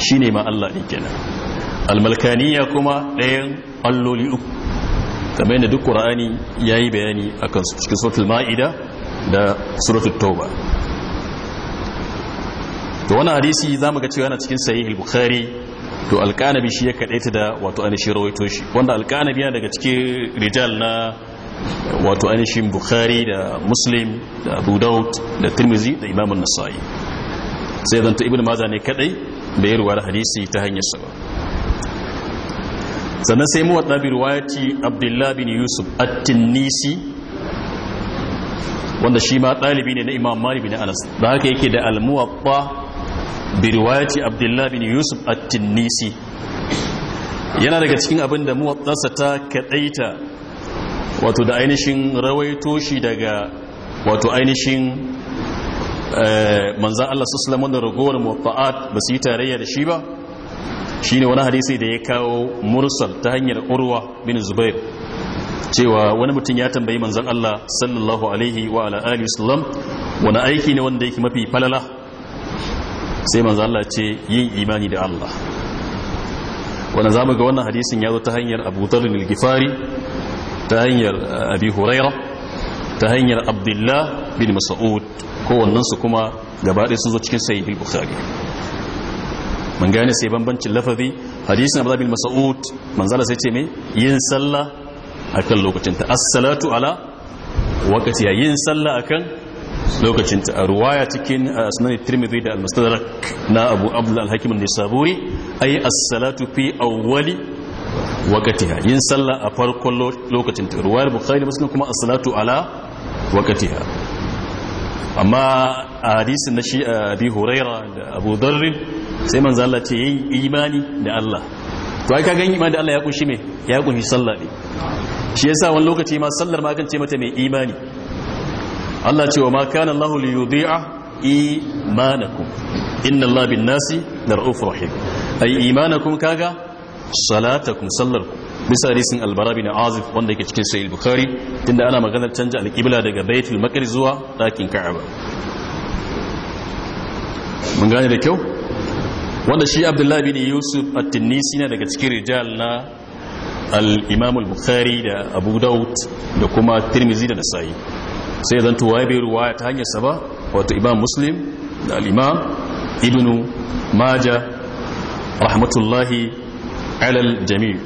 shine ma Allah ne kenan al-malkaniya kuma ɗayan alloli uku kamar yadda duk qur'ani yayi bayani akan su cikin suratul ma'ida da suratul tauba to wani hadisi za mu ga cewa yana cikin sahih bukhari to alƙanabi shi ya kadaita da wato ainihin rawaito shi wanda alƙanabi yana daga cikin rijal na wato anishin bukhari da muslim da abu daud da tirmizi da imamun nasa'i sai zanta ibn maza ne kadai da ya da hadisi ta hanyar sa sannan sai mu wadda bi ruwayati Abdullahi bin yusuf at-tinnisi wanda shi ma ɗalibi ne na imam malik bin anas da haka yake da almuwaɓɓa bi riwayati abdullahi bin yusuf at-tinnisi yana daga cikin abin da muwaɗansa ta kaɗaita wato da ainihin rawaito shi daga wato ainihin eh, manzan Allah sussulam wanda ragowar muwaɗa'at ba su yi tarayya da shi ba shi ne wani hadisi da ya kawo mursal ta hanyar urwa bin zubair cewa wani mutum ya tambayi manzan Allah sallallahu alaihi wa ala alihi wasallam wani aiki ne wanda yake mafi falala sai manzan Allah ce yin imani da Allah za zamu ga wannan hadisin ya zo ta hanyar Abu Dharr al-Ghifari ta hanyar uh, Abi Hurairah ta hanyar Abdullah bin Mas'ud wannan su kuma gaba ɗaya sun zo cikin sahih al-Bukhari mun gane sai bambancin lafazi hadisin Abu bin Mas'ud manzala sai ce me yin sallah akan lokacinta as-salatu ala wakati yin sallah akan lokacinta a ruwaya cikin sunan tirmidhi da al-mustadrak na abu abdullah al-hakim an-nisaburi ay as-salatu fi awwali wakatiha yin sallah a farkon lokacinta ruwayar bukhari muslim kuma as-salatu ala wakatiha amma a hadisin na shi abi huraira da abu darrin sai manzo Allah ce yin imani da Allah to ai ka gani imani da Allah ya kunshi me ya kunshi sallah ne shi yasa wani lokaci ma sallar ma kan mata mai imani Allah ce wa ma kana Allah li yudhi'a imanakum inna Allah bin nasi ra'ufur rahim ai imanakum kaga salatakum sallar bisa risin albara bin azif wanda yake cikin Sayyid bukhari tunda ana maganar canja alqibla daga baitul maqdis zuwa dakin ka'aba mun gane da kyau wanda shi abdullahi bin yusuf at-tinnisi ne daga cikin rijal na al al-bukhari da abu daud da kuma tirmizi da Nasayi sai zanto waye bai ruwaya ta hanyar sa ba wato imam muslim da al ibnu maja rahmatullahi alal jami'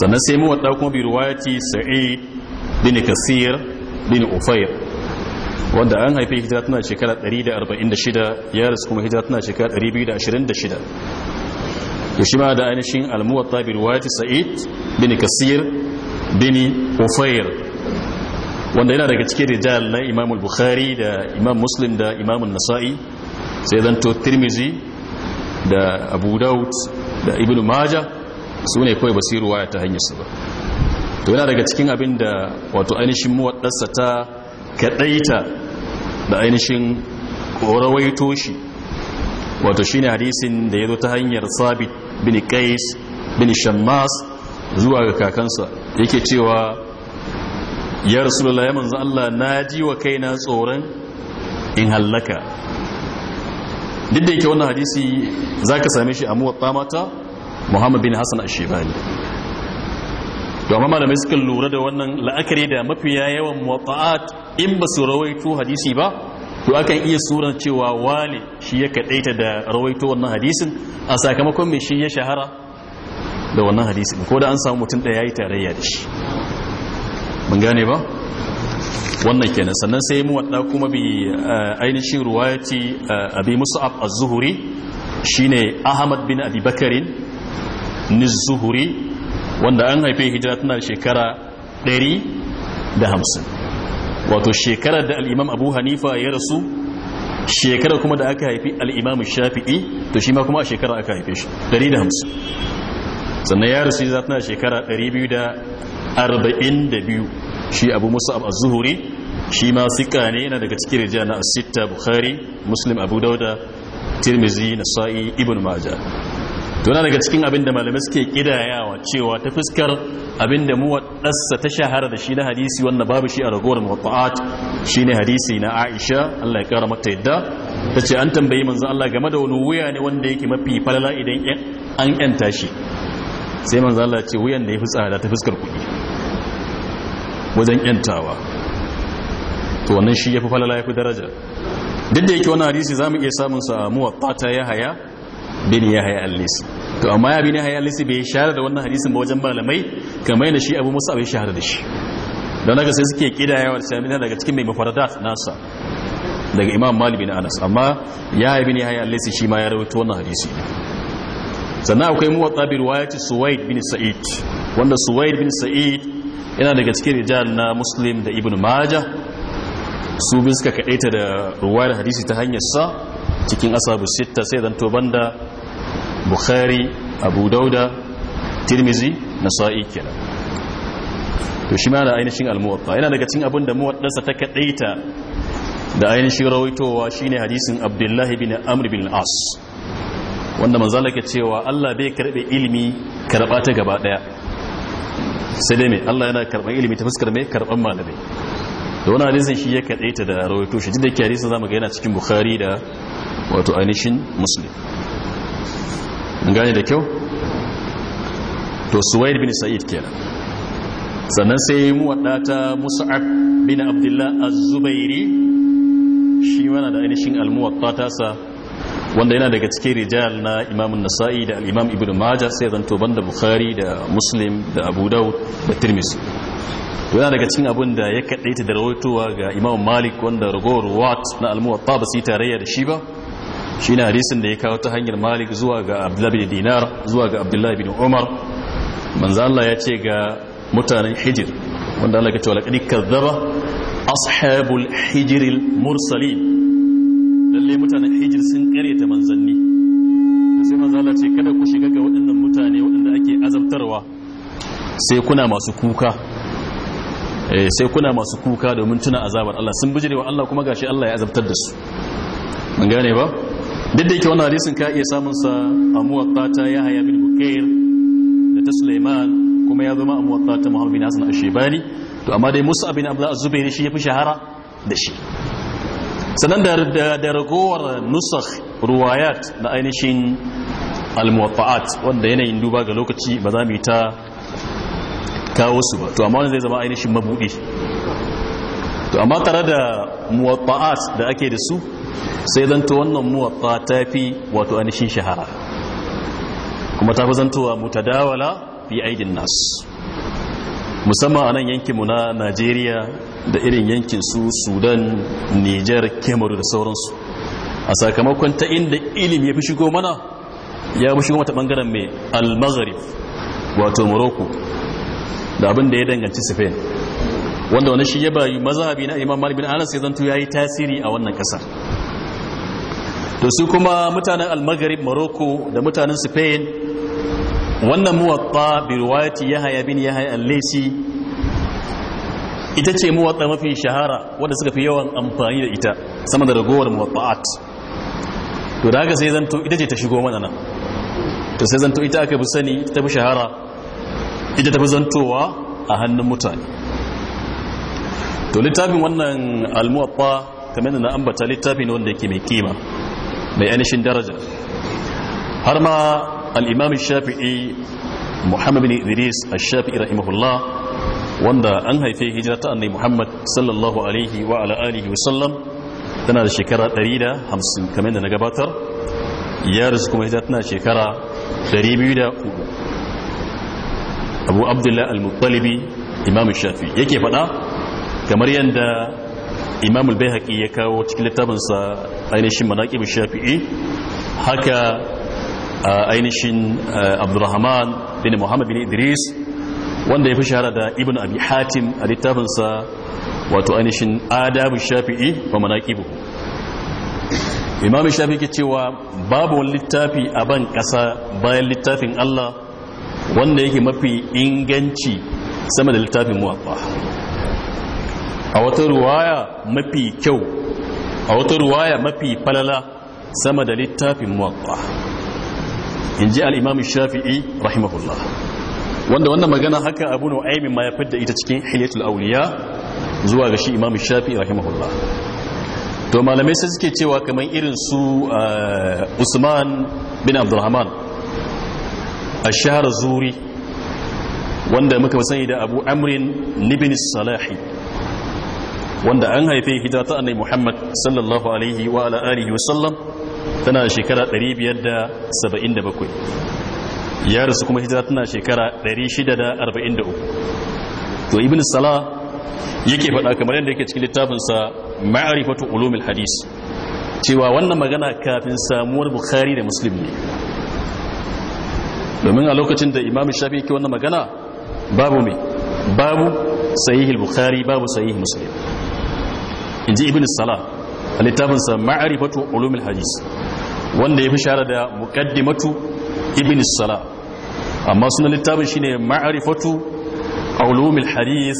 sannan sai mu wadda kuma bi ruwayati sa'id bin kasir bin Ofair wanda an haifi hijira tana shekara 146 ya rasu kuma hijira tana shekara 226 to shi ma da ainihin almuwatta bi riwayati sa'id bin kasir bin ufair wanda yana daga cikin rijal na imam bukhari da imam muslim da imam nasai sai zan to tirmizi da abu daud da ibn maja su ne kawai basiru waya ta hanyar su ba to yana daga cikin abin da wato ainihin muwaddarsa ta kaɗaita da ainihin korawaito shi wato shine hadisin da ya zo ta hanyar sabit bin kais bin shammas zuwa ga kakansa yake cewa ya rasulullah ya manzo Allah na ji wa kaina tsoron in hallaka duk da yake wannan hadisi zaka same shi a muwatta mata Muhammad bin Hassan ash to amma malamai suka lura da wannan la'akari da mafiya yawan muwatta'at in ba su rawaito hadisi ba to akan iya suran cewa wane shi ya kaɗaita da rawaito wannan hadisin a sakamakon mai shi ya shahara da wannan hadisin ko da an samu mutum ɗaya ya yi tarayya da shi mun gane ba wannan kenan sannan sai mu wadda kuma bi eh, ainihin ruwayati eh, abi mus'ab az-zuhri shine ahmad bin abi bakarin niz-zuhri wanda an haife hijira tana shekara 150 wato shekarar da al'imam abu hanifa ya rasu shekarar kuma da aka haifi al'imam shafi'i to shi ma kuma a shekarar aka haife shi 150 sannan ya rasu za tana shekara 242 shi abu musa abu zuhuri shi ma sika ne yana daga cikin rijiya na asita bukhari muslim abu dauda tirmizi nasa'i ibn majah tuna daga cikin abin da malamai suke kidayawa cewa ta fuskar abin da mu wadassa ta shahara da shi na hadisi wanda babu shi a ragowar muwatta'at shine hadisi na Aisha Allah ya kara mata yadda tace an tambayi manzo Allah game da wani wuya ne wanda yake mafi falala idan an yanta shi sai manzo Allah ya ce wuyan da yafi tsada ta fuskar kuɗi wajen yantawa to wannan shi yafi falala yafi daraja duk da yake wannan hadisi zamu iya samun sa muwatta ta ya haya bin ya haya lisi to amma ya bin ya haya lisi bai shahara da wannan hadisin ba wajen malamai kamar da shi abu musa bai shahara da shi don haka sai suke kidayawa da shamina daga cikin mai mafaradat nasa daga imam malik bin anas amma ya yi bin ya haya lisi shi ma ya rawaito wannan hadisi sannan akwai muwatta bi riwayati suwaid bin sa'id wanda suwaid bin sa'id yana daga cikin rijal na muslim da ibn majah su bi suka kadaita da ruwayar hadisi ta hanyar sa cikin asabu Sita, sai zanto banda bukhari abu dauda tirmizi nasa'i kenan to shi ma da ainihin almuwatta yana daga cikin abin da muwaddarsa ta kadaita da ainihin rawaitowa shine hadisin abdullahi bin amr bin as wanda manzala ke cewa Allah bai karbe ilimi karba ta gaba daya sai dai me Allah yana karban ilimi ta fuskar mai karban malamai da wani hadisin shi ya kadaita da rawaito shi da yake hadisin zamu ga yana cikin bukhari da wato ainihin muslim gane da kyau to suwaid bin sa'id kenan sannan sai muwadda ta mus'ab bin abdullah az-zubairi shi mana da ainihin al ta tasa wanda yana daga cikin rijal na imamun nasai da alimam ibn majah sai zanto banda bukhari da muslim da abu daud da tirmisi to yana daga cikin abin da ya kadaita da rawaitowa ga imam malik wanda ragowar wat na al ba su tarayya da shi ba shi ne hadisin da ya kawo ta hanyar malik zuwa ga abdullahi bin dinar zuwa ga abdullahi bin umar Manzala Allah ya ce ga mutanen hijir wanda Allah ya ce laqad kadzaba ashabul hijr al mursalin lalle mutanen hijir sun karyata manzanni sai Manzala Allah ce kada ku shiga ga waɗannan mutane waɗanda ake azabtarwa sai kuna masu kuka eh, sai kuna masu kuka domin tuna azabar Allah sun bijirewa Allah kuma gashi Allah ya azabtar da su mun gane ba duk da yake wannan hadisin ka iya samun sa a muwatta ta haya bin Bukair da ta Sulaiman kuma ya zama a muwatta ta Muhammad bin Hasan Ash-Shaybani to amma dai Musa bin Abdullah az shi yafi shahara da shi sannan da da ragowar nusakh ruwayat na ainihin al wanda yanayin duba ga lokaci ba za mu yi ta kawo su ba to amma wani zai zama ainihin mabudi to amma tare da muwatta'at da ake da su sai zanto wannan muwatta ta fi wato anishin shahara kuma ta fi zantowa mutadawala fi aidin nas musamman a nan yankinmu na najeriya da irin yankin su sudan nijar kemaru da sauransu a sakamakon ta inda ilimi ya fi shigo mana ya fi shigo mata bangaren mai almagharib wato morocco da abin da ya danganci spain wanda wani shi ya bayu mazhabi na imam malibin anas ya zanto ya yi tasiri a wannan kasar to su kuma mutanen almagarib morocco da mutanen spain wannan muwatta bi ya haya bin yahya al-lisi ita ce muwatta mafi shahara wanda suka fi yawan amfani da ita sama da ragowar muwatta'at to da haka sai zanto ita ce ta shigo mana nan to sai zanto ita aka bi sani ta fi shahara ita ta fi zantowa a hannun mutane to littafin wannan almuwatta kamar da na ambata littafi wanda yake mai kima mai ainihin daraja har ma al'imam shafi'i muhammad bin idris al-shafi'i rahimahullah wanda an haife hijira ta annai muhammad sallallahu alaihi wa ala'alihi alihi wasallam tana da shekara 150 kamar da na gabatar ya rasu kuma hijira tana shekara 204 abu abdullahi al-muttalibi imam shafi yake faɗa kamar yadda imam al-bayhaqi ya kawo cikin littafinsa ainihin manaqib shafi'i haka ainihin abdurrahman bin muhammad bin idris wanda ya fi shahara da ibn abi hatim a littafinsa wato ainihin adabu shafi'i wa manaqibu imam shafi'i ke cewa babu wani littafi a ban kasa bayan littafin Allah wanda yake mafi inganci sama da littafin muwaffa a wata ruwaya mafi kyau a wata ruwaya mafi falala sama da littafin muwatta in ji al'imam shafi'i rahimahullah wanda wannan magana haka abu na aimin ma ya fidda ita cikin hilyatul auliya zuwa ga shi imam shafi'i rahimahullah to malamai sai suke cewa kamar irin su eh, usman bin abdulrahman a shahar zuri wanda muka sani da abu amrin libin salahi wanda an haife hijira ta annabi Muhammad sallallahu alaihi wa ala alihi wa sallam tana shekara 577 ya rasu kuma hijira tana shekara 643 to ibn salah yake faɗa kamar yadda yake cikin littafinsa ma'arifatu ulumul hadis cewa wannan magana kafin samuwar bukhari da muslim ne domin a lokacin da imam shafi yake wannan magana babu mai babu sahihul bukhari babu sahih muslim in ji ibn salah a littafinsa ma'arifatu ulumul hadis wanda ya fi shara da muqaddimatu ibn salah amma sunan littafin shine ma'arifatu ulumul hadis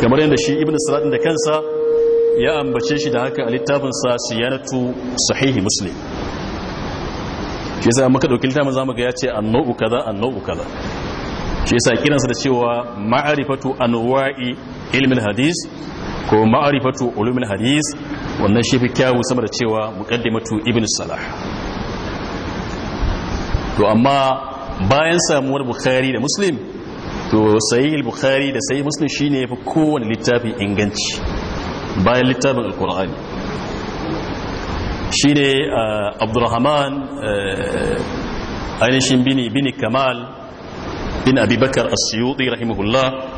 kamar yadda shi ibn salah da kansa ya ambace shi da haka a littafinsa siyanatu sahihi muslim shi yasa muka dauki littafin zamu ga ya ce annu'u kaza annu'u kaza shi yasa kiransa da cewa ma'arifatu anwa'i ilmin hadis ko ma'arifatu ulumul hadis wannan shi fi kyawu sama da cewa muqaddimatu ibn salah to amma bayan samuwar bukhari da muslim to sahih bukhari da sahih muslim shine yafi kowane littafi inganci bayan littafin alqur'ani shine eh, abdurrahman eh, ainihin bini bini kamal bin abubakar as-suyuti rahimahullah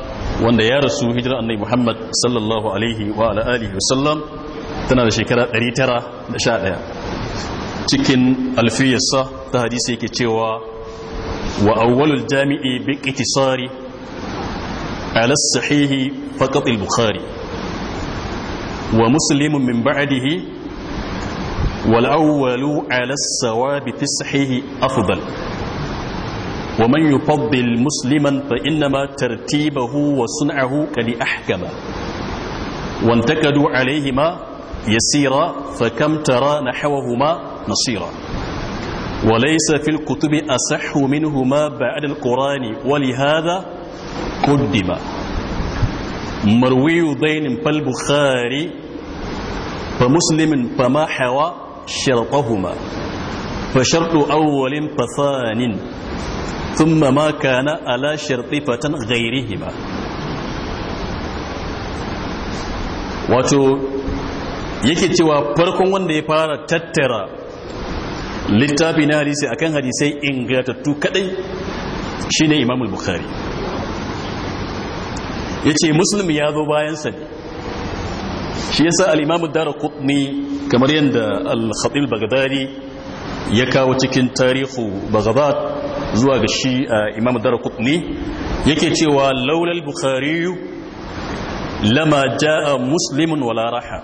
wanda ya rasu hijirar annabi Muhammad sallallahu alaihi wa ala alihi wasallam tana da shekara 911 cikin alfiyarsa ta hadisi yake cewa wa awwalul jami'i bi iktisari ala sahihi faqat al-bukhari wa muslimun min ba'dihi wal awwalu ala as-sawabi fi afdal ومن يفضل مسلما فإنما ترتيبه وصنعه أحكم وانتكدوا عليهما يسيرا فكم ترى نحوهما نصيرا وليس في الكتب أصح منهما بعد القرآن ولهذا قدم مروي دين فالبخاري فمسلم فما حوى شرطهما فشرط أول فثان thumma ma kana ala shartifatan ghairihima wato yake cewa farkon wanda ya fara tattara littafi na hadisi akan hadisai ingantattu kadai shine imam al-bukhari yace muslim ya zo bayan sa shi yasa al-imam ad-darqutni kamar yanda al-khatib baghdadi ya kawo cikin tarihu baghdad zuwa ga shi imam darqutni yake cewa laulal bukhari lama jaa muslimun wala laraha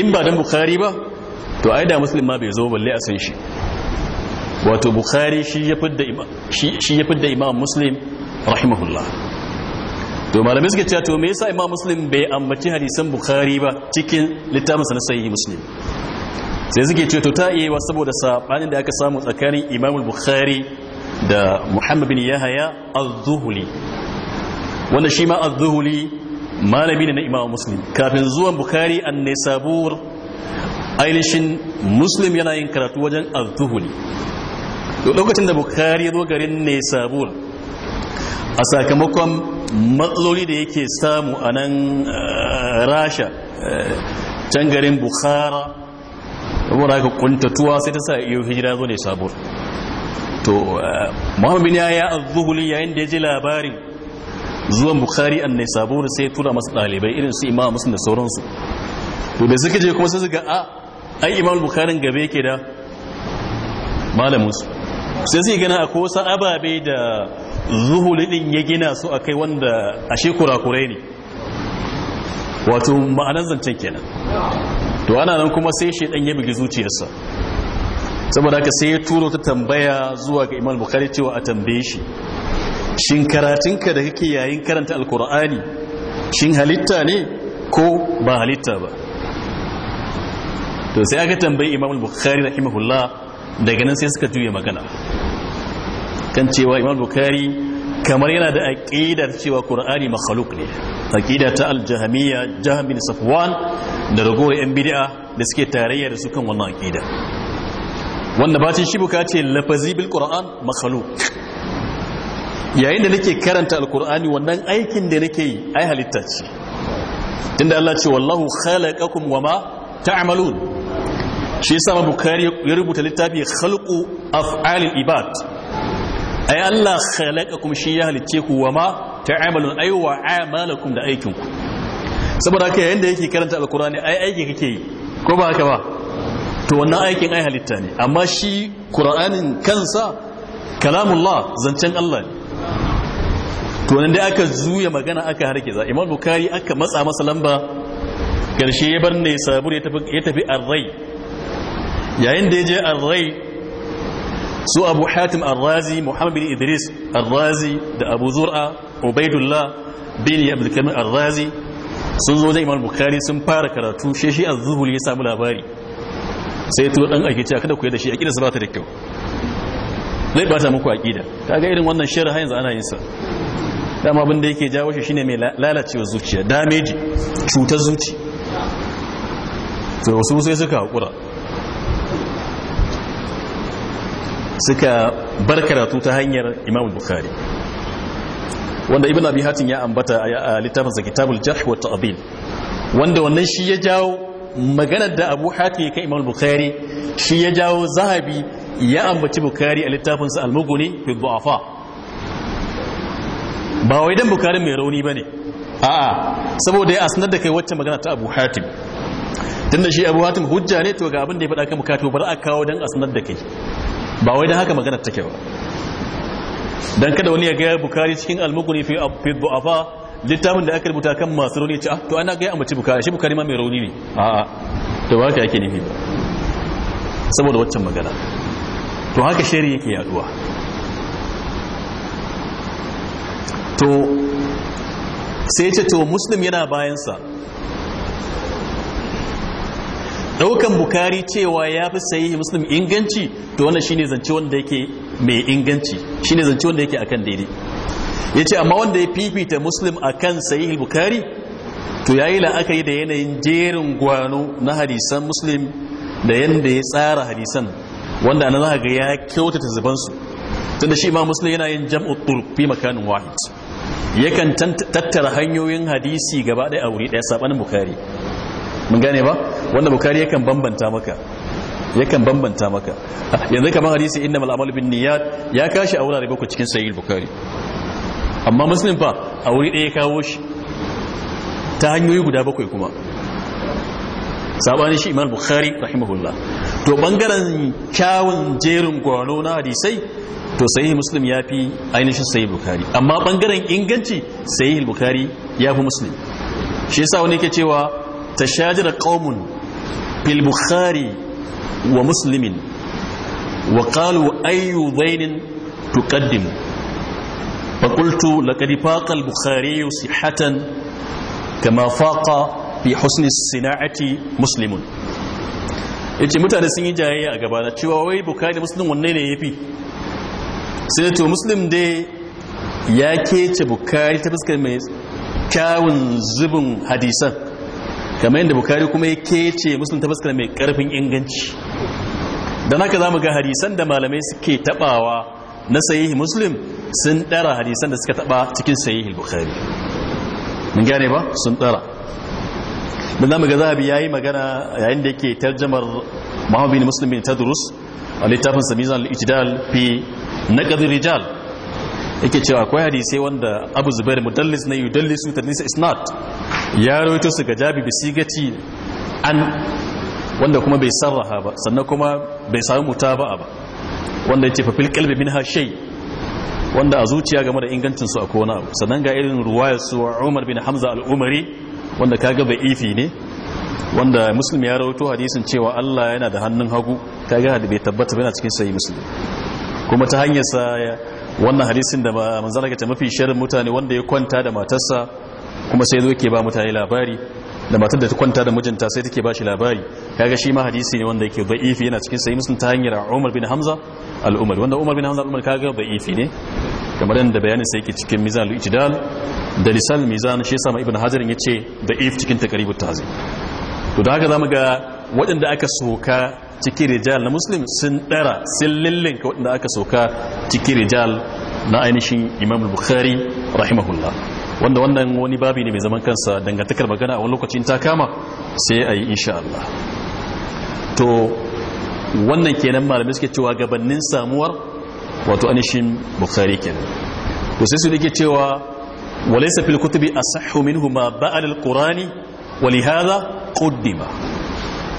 in ba dan bukhari ba to ai da muslim ma bai zo balle a san shi wato bukhari shi ya fidda shi ya imam muslim rahimahullah to malamai suka cewa to me yasa imam muslim bai ambaci hadisan bukhari ba cikin littafin sa na sahihi muslim sai suke ce to ta iya yi saboda sabanin da aka samu tsakanin imam bukhari da muhammad bin yahaya al zuhuli wanda shi ma al zuhuli malami ne na imam muslim kafin zuwan bukhari an ne sabuwar ainihin muslim yana yin karatu wajen al zuhuli lokacin da bukhari ya zo garin sabuwar a sakamakon matsaloli da yake samu a nan eh, rasha eh, can garin bukhara saboda haka kuntatuwa sai ta sa iyo hijira zo ne sabo to eh, muhammad bin yahya az-zuhuli yayin da ya ji labarin zuwan bukhari annai sabo sai ya tura masa ɗalibai irin su imam muslim da sauransu to da suka je kuma sai suka a ah, ai imam bukarin gabe yake da malamin su sai suka gana akwai wasu ababe da zuhuli din ya gina su akai wanda ashe kurakurai ne wato ma'anar zancen kenan to ana nan kuma sai shaidan ya bugi zuciyarsa saboda haka sai ya turo ta tambaya zuwa ga imam bukhari cewa a tambaye shi shin karatunka da kake yayin karanta alkur'ani shin halitta ne ko ba halitta ba to sai aka tambayi imam bukhari rahimahullah daga nan sai suka juya magana kan cewa imam bukhari kamar yana da aqidar cewa qur'ani makhluk ne aqida ta al-jahmiyya jahm bin safwan da ragowar yan bid'a da suke tarayya da su kan wannan aqida wanda bacin shi bukace ce lafazi bil qur'an makhluk yayin da nake karanta al-qur'ani wannan aikin da nake yi ai halitta ce tunda Allah ce wallahu khalaqakum wama ta'malun shi yasa bukhari ya rubuta littafi khalqu af'alil ibad ai Allah khalaqakum shi ya halicce ku wa ma ta'amalun ay wa amalakum da aikin ku saboda haka yayin da yake karanta alqur'ani ai aiki kake yi ko ba haka ba to wannan aikin ai halitta ne amma shi qur'anin kansa kalamullah zancen Allah ne to nan dai aka zuya magana aka harkiza imam bukari aka matsa masa lamba karshe ya bar ne sabur ya tafi ya tafi arrai yayin da ya je arrai su abu hatim al-razi muhammad bin idris al-razi da abu zur'a ubaidullah bin yabd kamil al-razi sun zo da imam bukari sun fara karatu shi shi az ya samu labari sai to dan ake cewa kada ku yi da shi akida su ba ta da kyau zai ba ta muku akida kaga irin wannan shirin har yanzu ana yin sa dama abin da yake jawo shi shine mai lalacewa zuciya damage cutar zuci to wasu sai suka hakura suka bar karatu ta hanyar imam bukhari wanda ibn abi hatim ya ambata a sa kitabul jarh wa ta'dil wanda wannan shi ya jawo maganar da abu hatim kai imam bukhari shi ya jawo zahabi ya ambaci bukhari a littafin al Almuguni, fi du'afa ba wai dan bukhari mai rauni bane a'a saboda ya asnar da kai wacce magana ta abu hatim tunda shi abu hatim hujja ne to ga abin da ya faɗa kan bukatu bar a kawo dan asnar da kai ba wai da haka magana take ba dan kada wani ya ga bukari cikin almuguni fi fi du'afa littafin da aka rubuta kan masu rauni ce ah to ana ga ya ambaci bukari shi bukari ma mai rauni ne a'a to ba haka yake nufi ba saboda waccan magana to haka shari yake yaduwa to sai ce to muslim yana bayansa daukan bukari cewa ya fi sahihi muslim inganci to wannan shine zance wanda yake mai inganci shine zance wanda yake akan daidai yace amma wanda ya fifita muslim akan sahihi bukari to yayi la'akari da yanayin jerin gwano na hadisan muslim da yanda ya tsara hadisan wanda ana za ga ya kyautata zubansu tunda shi ma muslim yana yin jam'u turq fi makanin yakan tattara hanyoyin hadisi gaba ɗaya a wuri ɗaya sabanin bukari mun gane ba wanda bukari yakan bambanta maka yakan bambanta maka yanzu kamar hadisi innamal a'malu bin niyyat ya kashi a wurare bakwai cikin sahih bukari amma muslim fa a wuri ɗaya kawo shi ta hanyoyi guda bakwai kuma sabanin shi imam bukhari rahimahullah to bangaren kyawun jerin gwano na hadisai to sahih muslim ya fi ainihin sahih bukhari amma bangaren inganci sahih bukhari ya fi muslim shi yasa wani ke cewa tashajara qaumun fil bukhari wa muslimin wa qalu ayyu bainin tuqaddim فقلت لقد فاق البخاري صحة كما فاق في حسن الصناعة مسلم yace mutane sun yi jayayya a gabana cewa wai bukari da muslim wanne ne yafi sai to muslim dai ya kece bukari ta fuskar mai kyawun zubin hadisan kamar yadda bukari kuma ya kece musulun ta mai karfin inganci da haka za mu ga hadisan da malamai suke tabawa na sayihi muslim sun dara hadisan da suka taba cikin sayihi bukari mun gane ba sun dara da za mu ga zahabi ya yi magana yayin da yake tarjamar muhammadu bin ta bin tadrus a littafin samizan al'ijidal fi na ƙazin rijal yake cewa akwai hadisai wanda abu zubair mudallis na yudallisu ta nisa isnat ya rawaito su ga jabi bisigaci gaci an wanda kuma bai sarraha ba sannan kuma bai samu muta ba ba wanda ya ce fafil kalbi min hashai wanda a zuciya game da ingancin su a kona abu sannan ga irin ruwaya su umar bin hamza al'umari wanda kaga bai ifi ne wanda muslim ya rawaito hadisin cewa Allah yana da hannun hagu kaga hadisi bai tabbata yana cikin sayi muslim kuma ta hanyar sa wannan hadisin da manzana ta mafi shirin mutane wanda ya kwanta da matarsa kuma sai zuwa ke ba mutane labari da matar da ta kwanta da mijinta sai take ba shi labari kaga shi ma hadisi ne wanda yake da'ifi yana cikin sai musun ta hanyar Umar bin Hamza al'umar wanda Umar bin Hamza al'umar kaga da'ifi ne kamar yadda bayanin sai yake cikin Mizan lu'ijidal da Lisal Mizan shi yasa Ibn Hajar ce da'if cikin Taqribut Tahzib to da haka zamu ga waɗanda aka soka cikin rijal na muslim sun dara sun lillinka waɗanda aka sauka cikin rijal na ainihin imam bukhari rahimahullah wanda wannan wani babi ne mai zaman kansa dangantakar magana a wani lokacin ta kama sai a yi insha Allah to wannan kenan malamai suke cewa gabanin samuwar wato ainihin bukhari kenan to sai su dake cewa walaysa fil kutubi asahhu minhuma ba'al haza ولهذا قدم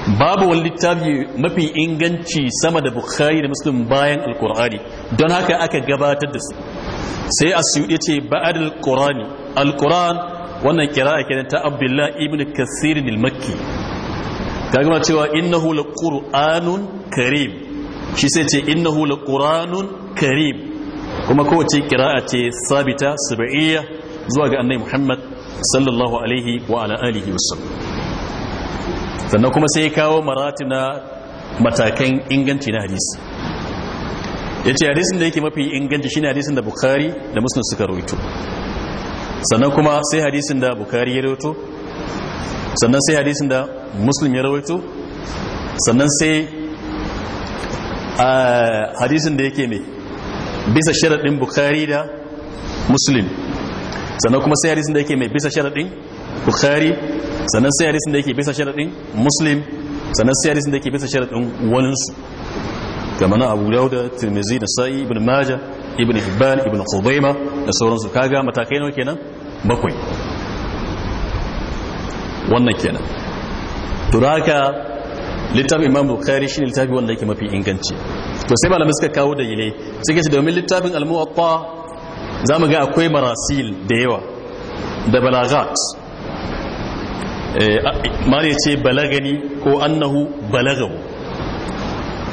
babu wani littafi mafi inganci sama da bukhari da muslim bayan alkur'ani don haka aka gabatar da su sai asyuɗi ce ba'ad alkur'ani alkur'an wannan kira'a kenan ta abdullah ibn kasir al-makki ta gama cewa innahu laqur'anun karim shi sai ce innahu laqur'anun karim kuma kowace kira'a ce sabita sab'iyya zuwa ga annabi muhammad sallallahu alaihi wa ala alihi wasallam sannan kuma sai ya kawo maratina na matakan inganci na hadisi ya ce hadisin da yake mafi inganci shine hadisin da bukari da muslim suka rawaito sannan kuma sai hadisin da bukari ya rawaito sannan sai hadisin da muslim ya rawaito sannan sai hadisin da yake mai bisa sharaɗin bukari da muslim sannan kuma sai hadisin da yake mai bisa sharaɗin bukhari sannan sai hadisin da yake bisa sharadin muslim sannan sai hadisin da yake bisa sharadin waninsu kamar na abu da tirmizi da sa'i ibn maja ibn hibban ibn khudaima da sauransu kaga matakai nawa kenan bakwai wannan kenan to haka littafin imam bukhari shine littafi wanda yake mafi inganci to sai malamai suka kawo da dalilai suka ce domin littafin al-muwatta zamu ga akwai marasil da yawa da balagat Eh, mara ya ce balagani ko annahu balagahu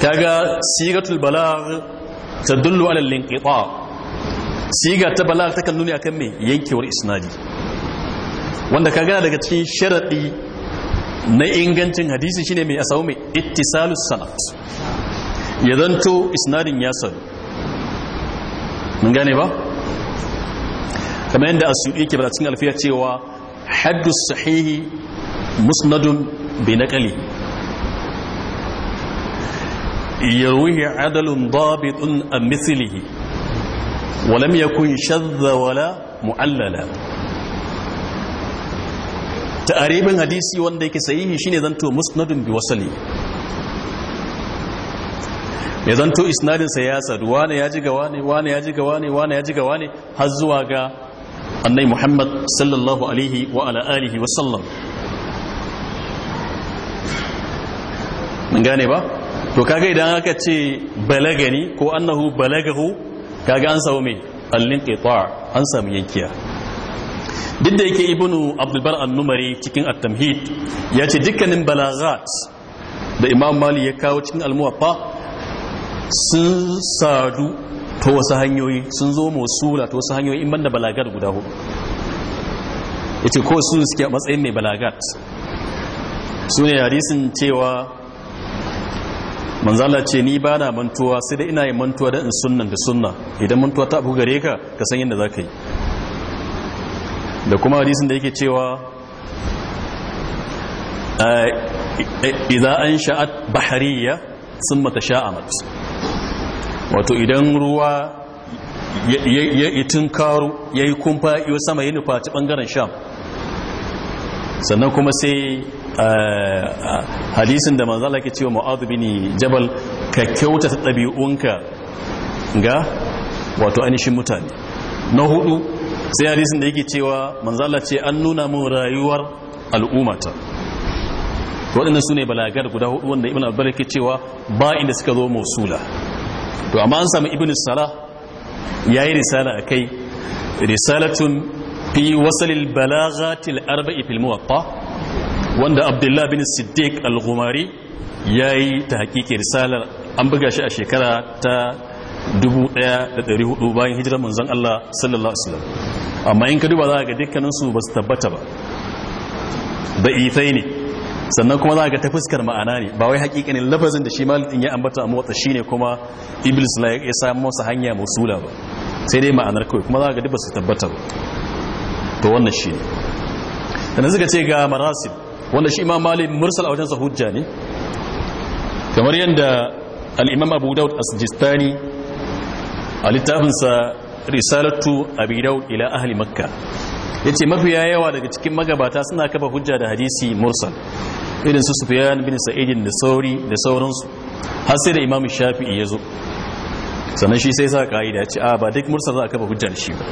kaga sigatul balag ta dullu ala linqita siga ta balag ta kan nuni akan me yankewar isnadi wanda ka gana daga cikin sharadi na ingancin hadisi shine mai asawu mai ittisalus sanad ya zanto isnadin ya sanu mun gane ba kamar yadda asyuti ke bada cikin alfiya cewa haddus sahihi musnadun binakali. bi naqali يرويه عدل ضابط عن ya ولم يكن wala ولا معللا تقريبا hadisi wanda yake sahihi shine zanto musnadun bi wasali ya zanto isnadin sa ya sadu wane ya ji ga wane wane ya ji ga wane wane ya ji ga wane har zuwa ga annabi Muhammad sallallahu alaihi wa ala alihi wa sallam gane ba to kaga idan aka ce balagani ko annahu balagahu kaga an samu mai allin qita an samu yankiya duk da yake ibnu abdulbar annumari cikin at-tamhid ya ce dukkanin balagat da imam mali ya kawo cikin almuwaffa sun sadu ta wasu hanyoyi sun zo musula ta wasu hanyoyi in banda balagat guda hudu ya ce ko su suke matsayin mai balagat su ne cewa manzala ce ni ba na mantuwa sai da ina yin mantuwa da in sunna da sunna idan mantuwa ta abu gare ka ka san yadda za ka yi da kuma hadisin da yake cewa eh, idan an sha'at bahariya sun mata sha'amat wato idan ruwa ya itin karu ya yi kumfa iya sama ya nufa ci bangaren sham sannan kuma sai Eh, hadisin da manzala ke cewa mu'adhu bin jabal ka kyautata ɗabi'unka ga wato ainihin mutane na hudu sai hadisin da yake cewa manzala ce an nuna mun rayuwar al'ummata waɗanda su ne balagar guda hudu wanda ibn ke cewa ba inda suka zo sula. to amma an samu ibn salah ya yi risala a kai risalatun fi wasalil balagatil arba'i fil muwatta wanda abdullah bin siddiq al-ghumari ya yi ta hakiki risalar an buga shi a shekara ta 1400 bayan hijirar manzan Allah sallallahu alaihi wasallam amma in ka duba za ga dukkaninsu su ba su tabbata ba da ithai ne sannan kuma za ga ta fuskar ma'ana ne ba wai hakikanin lafazin da shi malikin ya ambata a motsa shine kuma iblis la ya samu masa hanya musula ba sai dai ma'anar kawai kuma za ga duk ba su tabbata ba to wannan shine sannan suka ce ga marasil wanda shi imam malik mursal a wajensa hujja ne kamar yadda al'imam abu daud asjistani a littafinsa risalatu abu daud ila ahli makka ya ce mafiya yawa daga cikin magabata suna kafa hujja da hadisi mursal irin su sufiyan bin sa'idin da sauri da sauransu har sai da imam shafi'i ya zo sannan shi sai sa ka'ida ce a ah, ba duk mursal za a kafa hujja da shi ba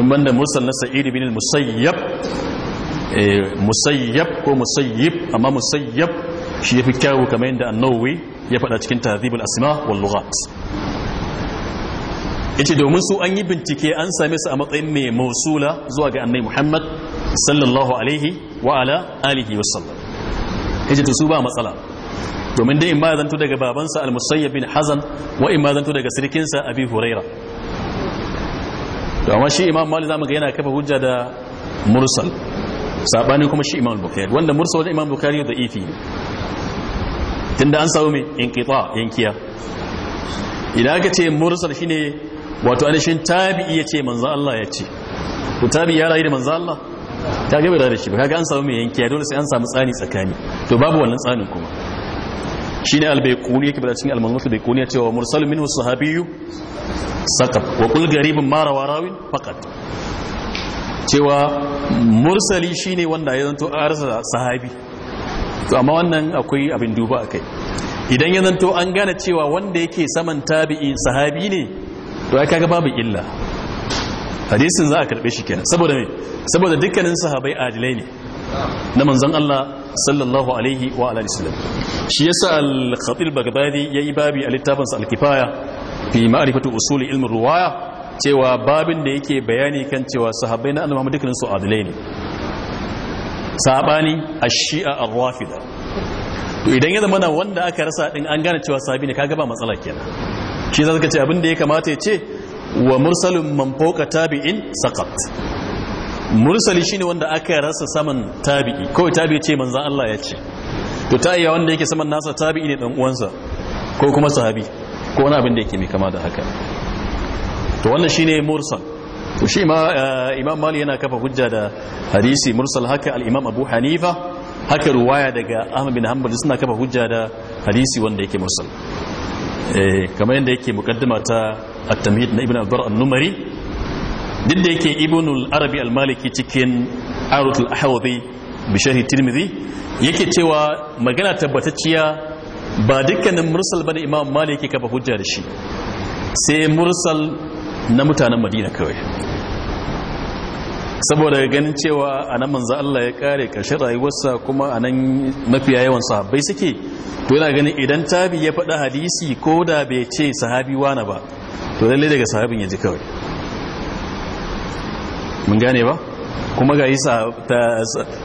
in banda mursal na sa'id bin musayyab Eh, musayyab ko musayyib amma musayyab shi yafi kyawu kamar yadda annawi ya faɗa cikin tahdhibul asma wal lughat yace domin su an yi bincike an same su a matsayin mai mausula zuwa ga annabi Muhammad sallallahu alaihi wa ala alihi wa sallam yace to su ba matsala domin dai in ma zanto daga babansa al-musayyab bin hazan wa in ma zanto daga sirkinsa abi huraira to amma shi imam malik zamu ga yana kafa hujja da mursal sabanin kuma shi imam bukhari wanda mursal wajen imam bukhari da ifi ne tunda an samu mai inqita yankiya idan aka ce mursal shine wato anishin tabi iya ce manzo Allah ya ce Ku tabi ya rayu da manzo Allah ta gaba da shi ba kaga an samu mai yankiya dole sai an samu tsani tsakani to babu wannan tsanin kuma shine al kuni yake bada cikin al-manzumatu kuni ya ce wa mursal minhu sahabiyyu saqab wa qul garibun ma rawi faqat cewa mursali shine wanda ya zanto an rasa sahabi to amma wannan akwai abin duba akai idan ya zanto an gane cewa wanda yake saman tabi'i sahabi ne to ai kaga babu illa hadisin za a karbe shi kenan saboda me saboda dukkanin sahabai adilai ne na manzon Allah sallallahu alaihi wa alihi wasallam shi yasa al-khatib baghdadi yayi babi a littafinsa al-kifaya fi ma'rifatu usuli ilmi ruwaya cewa babin da yake bayani kan cewa sahabbai na annabawa dukkan su adilai ne sabani ash-shi'a ar-rafida to idan ya zama wanda aka rasa din an gane cewa sahabi ne kaga ba matsala kenan shi zaka ka ce abin da ya kamata ya ce wa mursalun man fawqa tabi'in saqat mursali shine wanda aka rasa saman tabi'i kawai tabi'i ce manzon Allah ya ce to ta iya wanda yake saman nasa tabi'i ne dan uwansa ko kuma sahabi ko wani abin da yake mai kama da haka to wannan shine mursal to shi ma eh, imam mali yana kafa hujja da hadisi mursal haka al-imam abu hanifa haka ruwaya daga ahmad bin hanbal suna kafa hujja da hadisi wanda yake mursal eh, kamar yadda yake mukaddima ta at-tamhid na ibn abdur an-numari duk da yake ibn al-arabi al-maliki cikin arut al-ahwadi bi shahi tirmidhi yake cewa magana tabbatacciya ba dukkanin mursal bane imam maliki yake kafa hujja da shi sai mursal na mutanen madina kawai saboda ganin cewa a nan manzo Allah ya kare ƙarshen rayuwarsa kuma a nan mafiya yawan sahabbai suke to yana ganin idan tabi ya faɗa hadisi ko da bai ce sahabi wana ba to lalle daga sahabin ya ji kawai mun gane ba kuma ga yi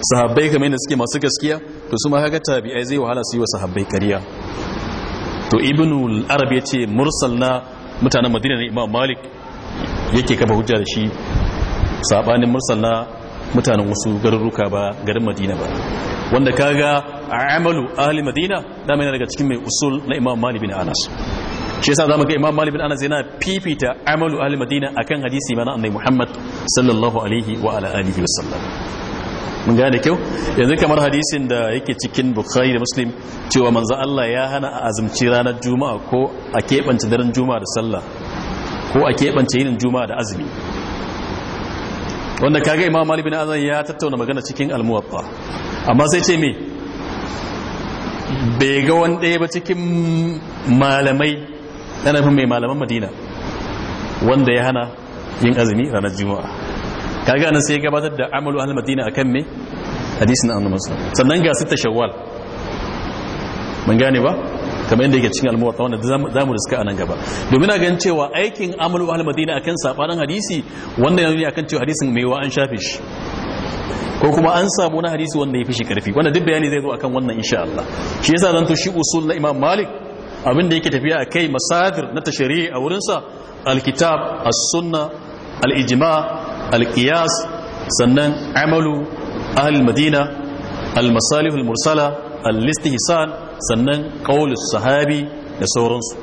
sahabbai kamar yadda suke masu gaskiya to su ma haka ai zai wahala su yi wa sahabbai kariya to ibnu al-arab ya ce mursal na mutanen madina ne imam malik yake kafa hujja da shi sabanin mursala mutanen wasu garuruka ba garin madina ba wanda kaga amalu ahli madina da mai daga cikin mai usul na imam mali bin anas shi yasa zamu ga imam mali bin anas yana fifita amalu ahli madina akan hadisi mana annabi muhammad sallallahu alaihi wa ala alihi wasallam mun gane kyau yanzu kamar hadisin da yake cikin bukhari da muslim cewa manzo Allah ya hana a azumci ranar juma'a ko a keɓance daren juma'a da sallah ko a keɓance yinin juma'a da azumi wanda kaga imam malibu na azan ya tattauna magana cikin almuwaffa amma sai ce me bai ga wani ɗaya ba cikin malamai ɗana fi mai malaman madina wanda ya hana yin azumi ranar juma'a kaga nan sai ya gabatar da amalu ahal madina akan me hadisin annabi sannan ga sita shawwal mun gane ba kamar yadda yake cikin almuwatta wanda za mu riska a nan gaba domin a gan cewa aikin amalu ahal madina akan sabanin hadisi wannan yana akan cewa hadisin mai wa an shafe shi ko kuma an samu wani hadisi wanda ya fi shi karfi wanda duk bayani zai zo akan wannan insha Allah shi yasa zan to shi usul na Imam Malik abin da yake tafiya akai masadir na tashri'i a wurin sa alkitab as-sunna al-ijma al-qiyas sannan amalu ahal madina al-masalih al-mursala al-istihsan sannan qaulus sahabi da sauransu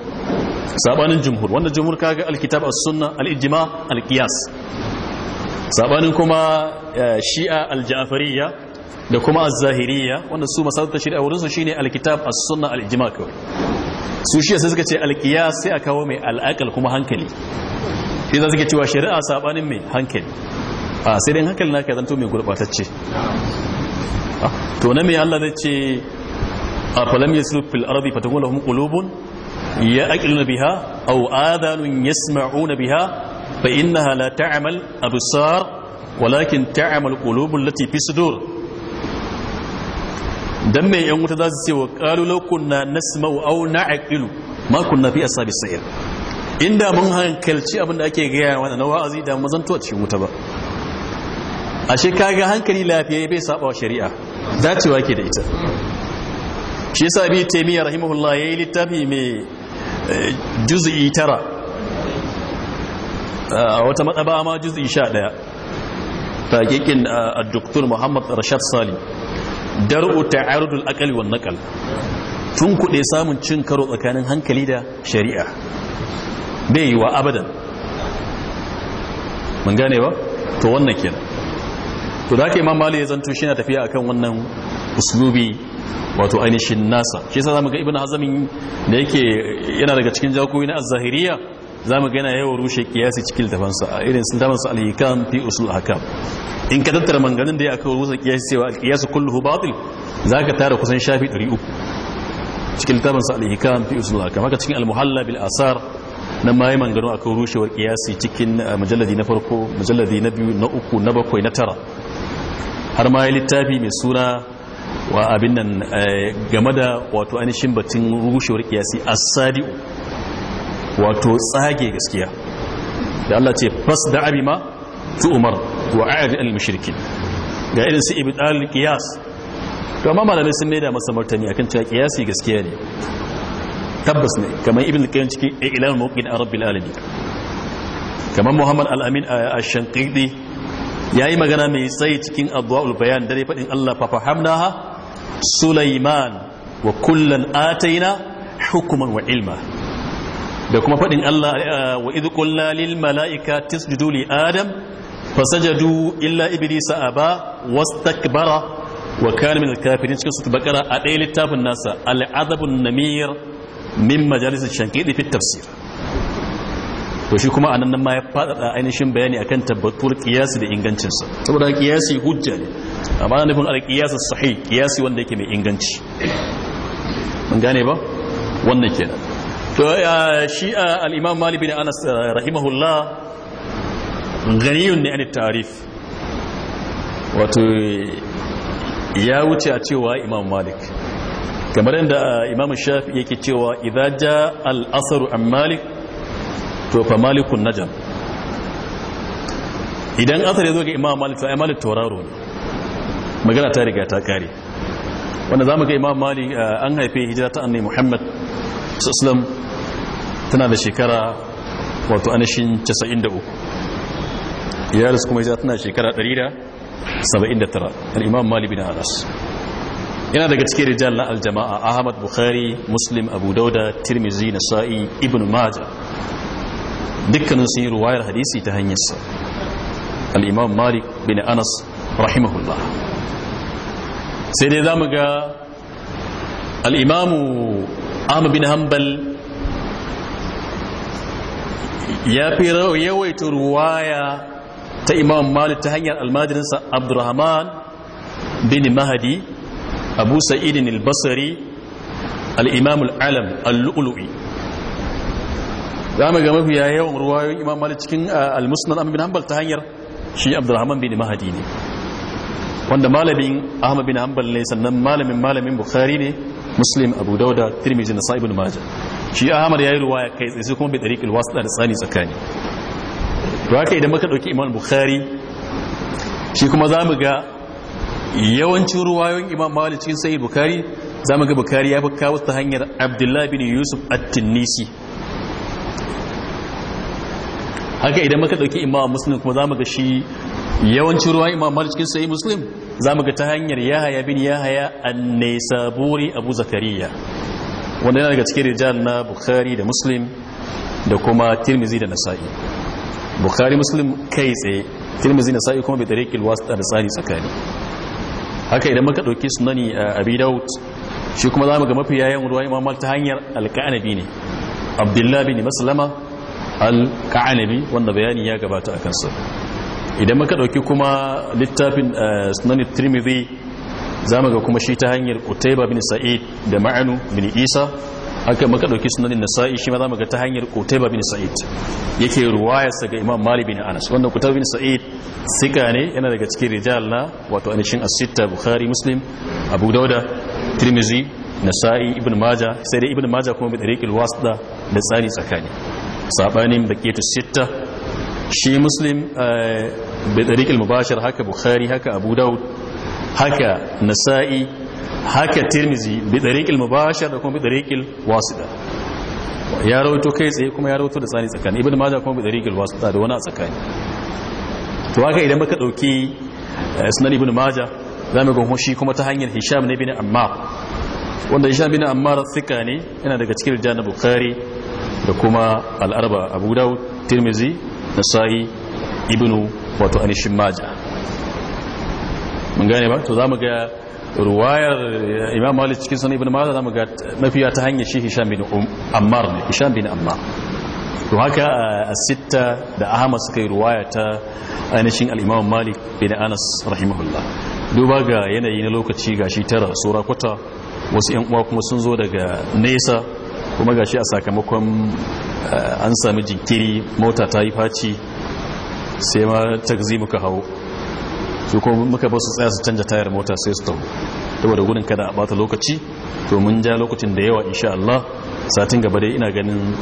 sabanin jumhur wanda jumhur kaga alkitab a sunna al-ijma al-qiyas sabanin kuma eh, shi'a al-ja'fariyya da kuma az-zahiriyya wanda su masarauta shari'a wurin su shine alkitab as-sunna al-ijma kawai su shi'a sai suka ce al-qiyas sai a kawo mai al kuma hankali shi za suka cewa shari'a sabanin mai hankali a ah, sai dai hankali naka zanto mai gurbatacce ah, to na mai Allah zai ce afalam yasiru fil ardi fatakun lahum qulubun ya'qiluna biha aw adhanun yasma'una biha fa innaha la ta'mal absar walakin ta'mal qulubul lati fi sudur dan me yan wuta zasu su ce wa qalu law kunna nasma'u aw na'qilu ma kunna fi ashabi sa'ir inda mun hankalci abin da ake gaya wa na wa'azi da mun zanto a cikin wuta ba ashe kaga hankali lafiya bai saba wa shari'a dacewa ke da ita shi yasa bi taimiyya rahimahullah yayi littafi mai eh, juz'i tara a ah, wata matsaba ma juz'i 11 taqiqin ad-doktor ah, Muhammad Rashad Sali dar'u ta'arudul aqli wan naqal tun kuɗe samun cin karo tsakanin hankali da shari'a bai yi wa abadan mun gane ba to wannan kenan to da haka imam mali ya zanto shi na tafiya akan wannan uslubi wato ainihin nasa shi yasa zamu ga ibnu azamin da yake yana daga cikin jakoyi na az-zahiriyya zamu ga yana yawo rushe kiyasi cikin littafansa a irin sun al-hikam fi usul ahkam in ka tattara manganin da ya aka rusa kiyasi cewa al-qiyas kulluhu batil zaka tara kusan shafi 300 cikin littafansa al-hikam fi usul ahkam haka cikin al-muhalla bil asar nan ma yi aka rushe rushewar kiyasi cikin eh, majalladi na farko majalladi na biyu na uku na bakwai na tara har ma yi littafi mai suna wa abin nan eh, game da wato ainihin batun rushewar kiyasi as-sadi'u wato tsage gaskiya da Allah ce fas da abima tu umar wa a'rid al-mushrikin ga irin su ibn al-qiyas to amma malamai sun maida masa martani akan cewa kiyasi gaskiya ne tabbas ne kamar ibn al-qayyim cikin ilal muqin rabbil alamin kamar muhammad al-amin eh, ash-shanqidi ya yi magana mai tsayi cikin adwaul bayan dare fadin Allah fa fahamnaha Sulaiman wa kullan ataina hukuman wa ilma da kuma fadin Allah ah, wa idh kulla lil malaika tasjudu li adam fasajadu illa iblisa aba wastakbara wa kana min al-kafirin cikin sura bakara a ɗaya littafin nasa al-azabun namir min majalis shankidi fi tafsir to shi kuma anan nan ma ya faɗaɗa ainihin bayani akan tabbatuwar kiyasi da ingancinsa saboda kiyasi hujja ne amma na nufin alkiyasa sahih kiyasi wanda yake mai inganci mun gane ba wannan kenan to shi al-imam malik bin anas eh, rahimahullah ganiyun ne an tarif wato ya wuce a cewa imam malik kamar yadda eh, imam shafi yake cewa ja al-asaru an malik to fa malikun najam idan asar ya zo ga imam malik sai malik tauraro ne magana ta riga ta kare wanda zamu ga imam malik eh, an haife hijira ta annabi muhammad sallallahu tana da shekara wato anashin 93 ya rasu kuma hijira tana shekara 179 al-imam malik bin anas yana daga cikin rijal na aljama'a ahmad bukhari muslim abu dauda tirmizi nasa'i ibn majah dukkanin sun yi ruwayar hadisi ta hanyarsa al'imam malik bin anas rahimahullah sai dai za mu ga al'imamu amur bin hanbal ya fi yawaita ruwaya ta imam malik ta hanyar almadirinsa abdurrahman bin mahadi abu sa'idin al-basari al-imam al-alam al-lu'lu'i za mu ga mafiya yawan ruwayoyin imam malik cikin ah, al-musnad bin hanbal ta hanyar shi abdurrahman bin mahadi ne wanda malamin ahmad bin hanbal ne sannan malamin malamin bukhari ne muslim abu dauda tirmidhi na sa'ibul majah shi ahmad yayi ruwaya kai tsaye kuma bi tariqil wasita da tsani tsakani to haka idan muka dauki imam bukhari shi kuma za mu ga yawancin ruwayoyin imam malik cikin sahih bukhari za mu ga bukhari ya fi kawo ta hanyar abdullahi bin yusuf at-tinnisi haka idan muka dauki imam muslim kuma zamu ga shi yawancin ruwan imam malik cikin sahih muslim zamu ga ta hanyar yahaya bin yahaya an-naisaburi abu zakariya wanda yana daga cikin rijal na bukhari da muslim da kuma tirmizi da nasa'i bukhari muslim kai tsaye tirmizi da nasa'i kuma bi tariqil wasita da sani tsakani haka idan muka dauki sunani abi daud shi kuma zamu ga mafi yayan ruwan imam malik ta hanyar al-qanabi ne abdullahi bin maslama al-ka'anabi wanda bayani ya gabata a kansa idan maka dauki kuma littafin eh, sunan tirmidhi zamu ga kuma shi ta hanyar qutayba bin sa'id da ma'anu bin isa haka maka dauki sunan nasa'i shi ma zamu ga ta hanyar qutayba bin sa'id yake ruwaya sa ga imam malik bin anas wanda qutayba bin sa'id sika ne yana daga cikin rijal na wato anishin as-sitta bukhari muslim abu dauda tirmidhi nasa'i ibn majah sai dai ibn majah kuma bi tariqil wasda da tsari tsakani sabanin baqiyatu sita shi muslim eh, bi tariqil mubashir haka bukhari haka abu daud haka nasa'i haka tirmizi bi tariqil mubashir da kuma bi tariqil wasita ya rawaito kai tsaye kuma ya rawaito da tsani tsakani ibn majah kuma bi tariqil wasita da wani a tsakani to haka idan muka dauki eh, sunan ibn majah mu ga shi kuma ta hanyar hisham ne bin ammar wanda hisham bin ammar thika ne yana daga cikin rijalul bukhari da kuma al'arba abu daud tirmizi sahi ibn wato anishin maja mun gane ba to za mu ga ruwayar imam malik cikin sanar ibn maza za mu ga mafiya ta hanyar shi hisham bin um, ammar ne hisham bin ammar to haka a sitta da ahmad suka yi ruwaya ta ainihin al'imam malik bin anas rahimahullah duba ga yanayi na lokaci ga shi tara tsorakwata wasu 'yan uwa kuma sun zo daga nesa kuma gashi a sakamakon eh, an sami jinkiri mota ta yi faci sai ma takzi muka hau su kuma muka basu tsaya su canja tayar mota sai su taho da gudun kada a bata lokaci to mun ja lokacin da yawa insha Allah satin gaba dai ina ganin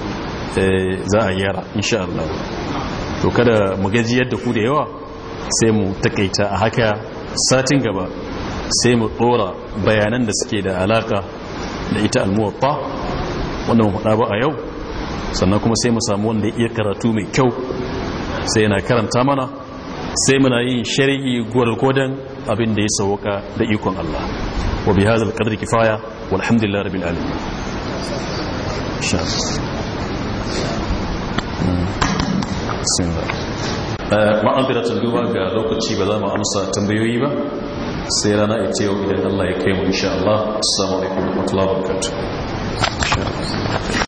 eh, za a yara insha Allah to kada mu gaji yadda ku da yawa sai mu takaita a haka satin gaba sai mu dora bayanan da suke da alaka da ita almuwatta wanda mu faɗa ba a yau sannan kuma sai mu samu wanda ya iya karatu mai kyau sai yana karanta mana sai muna yin shari'i gwargwadon abin da ya sauka da ikon Allah wa bi hadha qadr kifaya walhamdulillah rabbil alamin eh, ma'aziratar duba ga lokaci ba za mu amsa tambayoyi ba sai rana ita yau idan Allah ya kai mu insha Allah assalamu alaikum wa rahmatullahi wa barakatuh フフフ。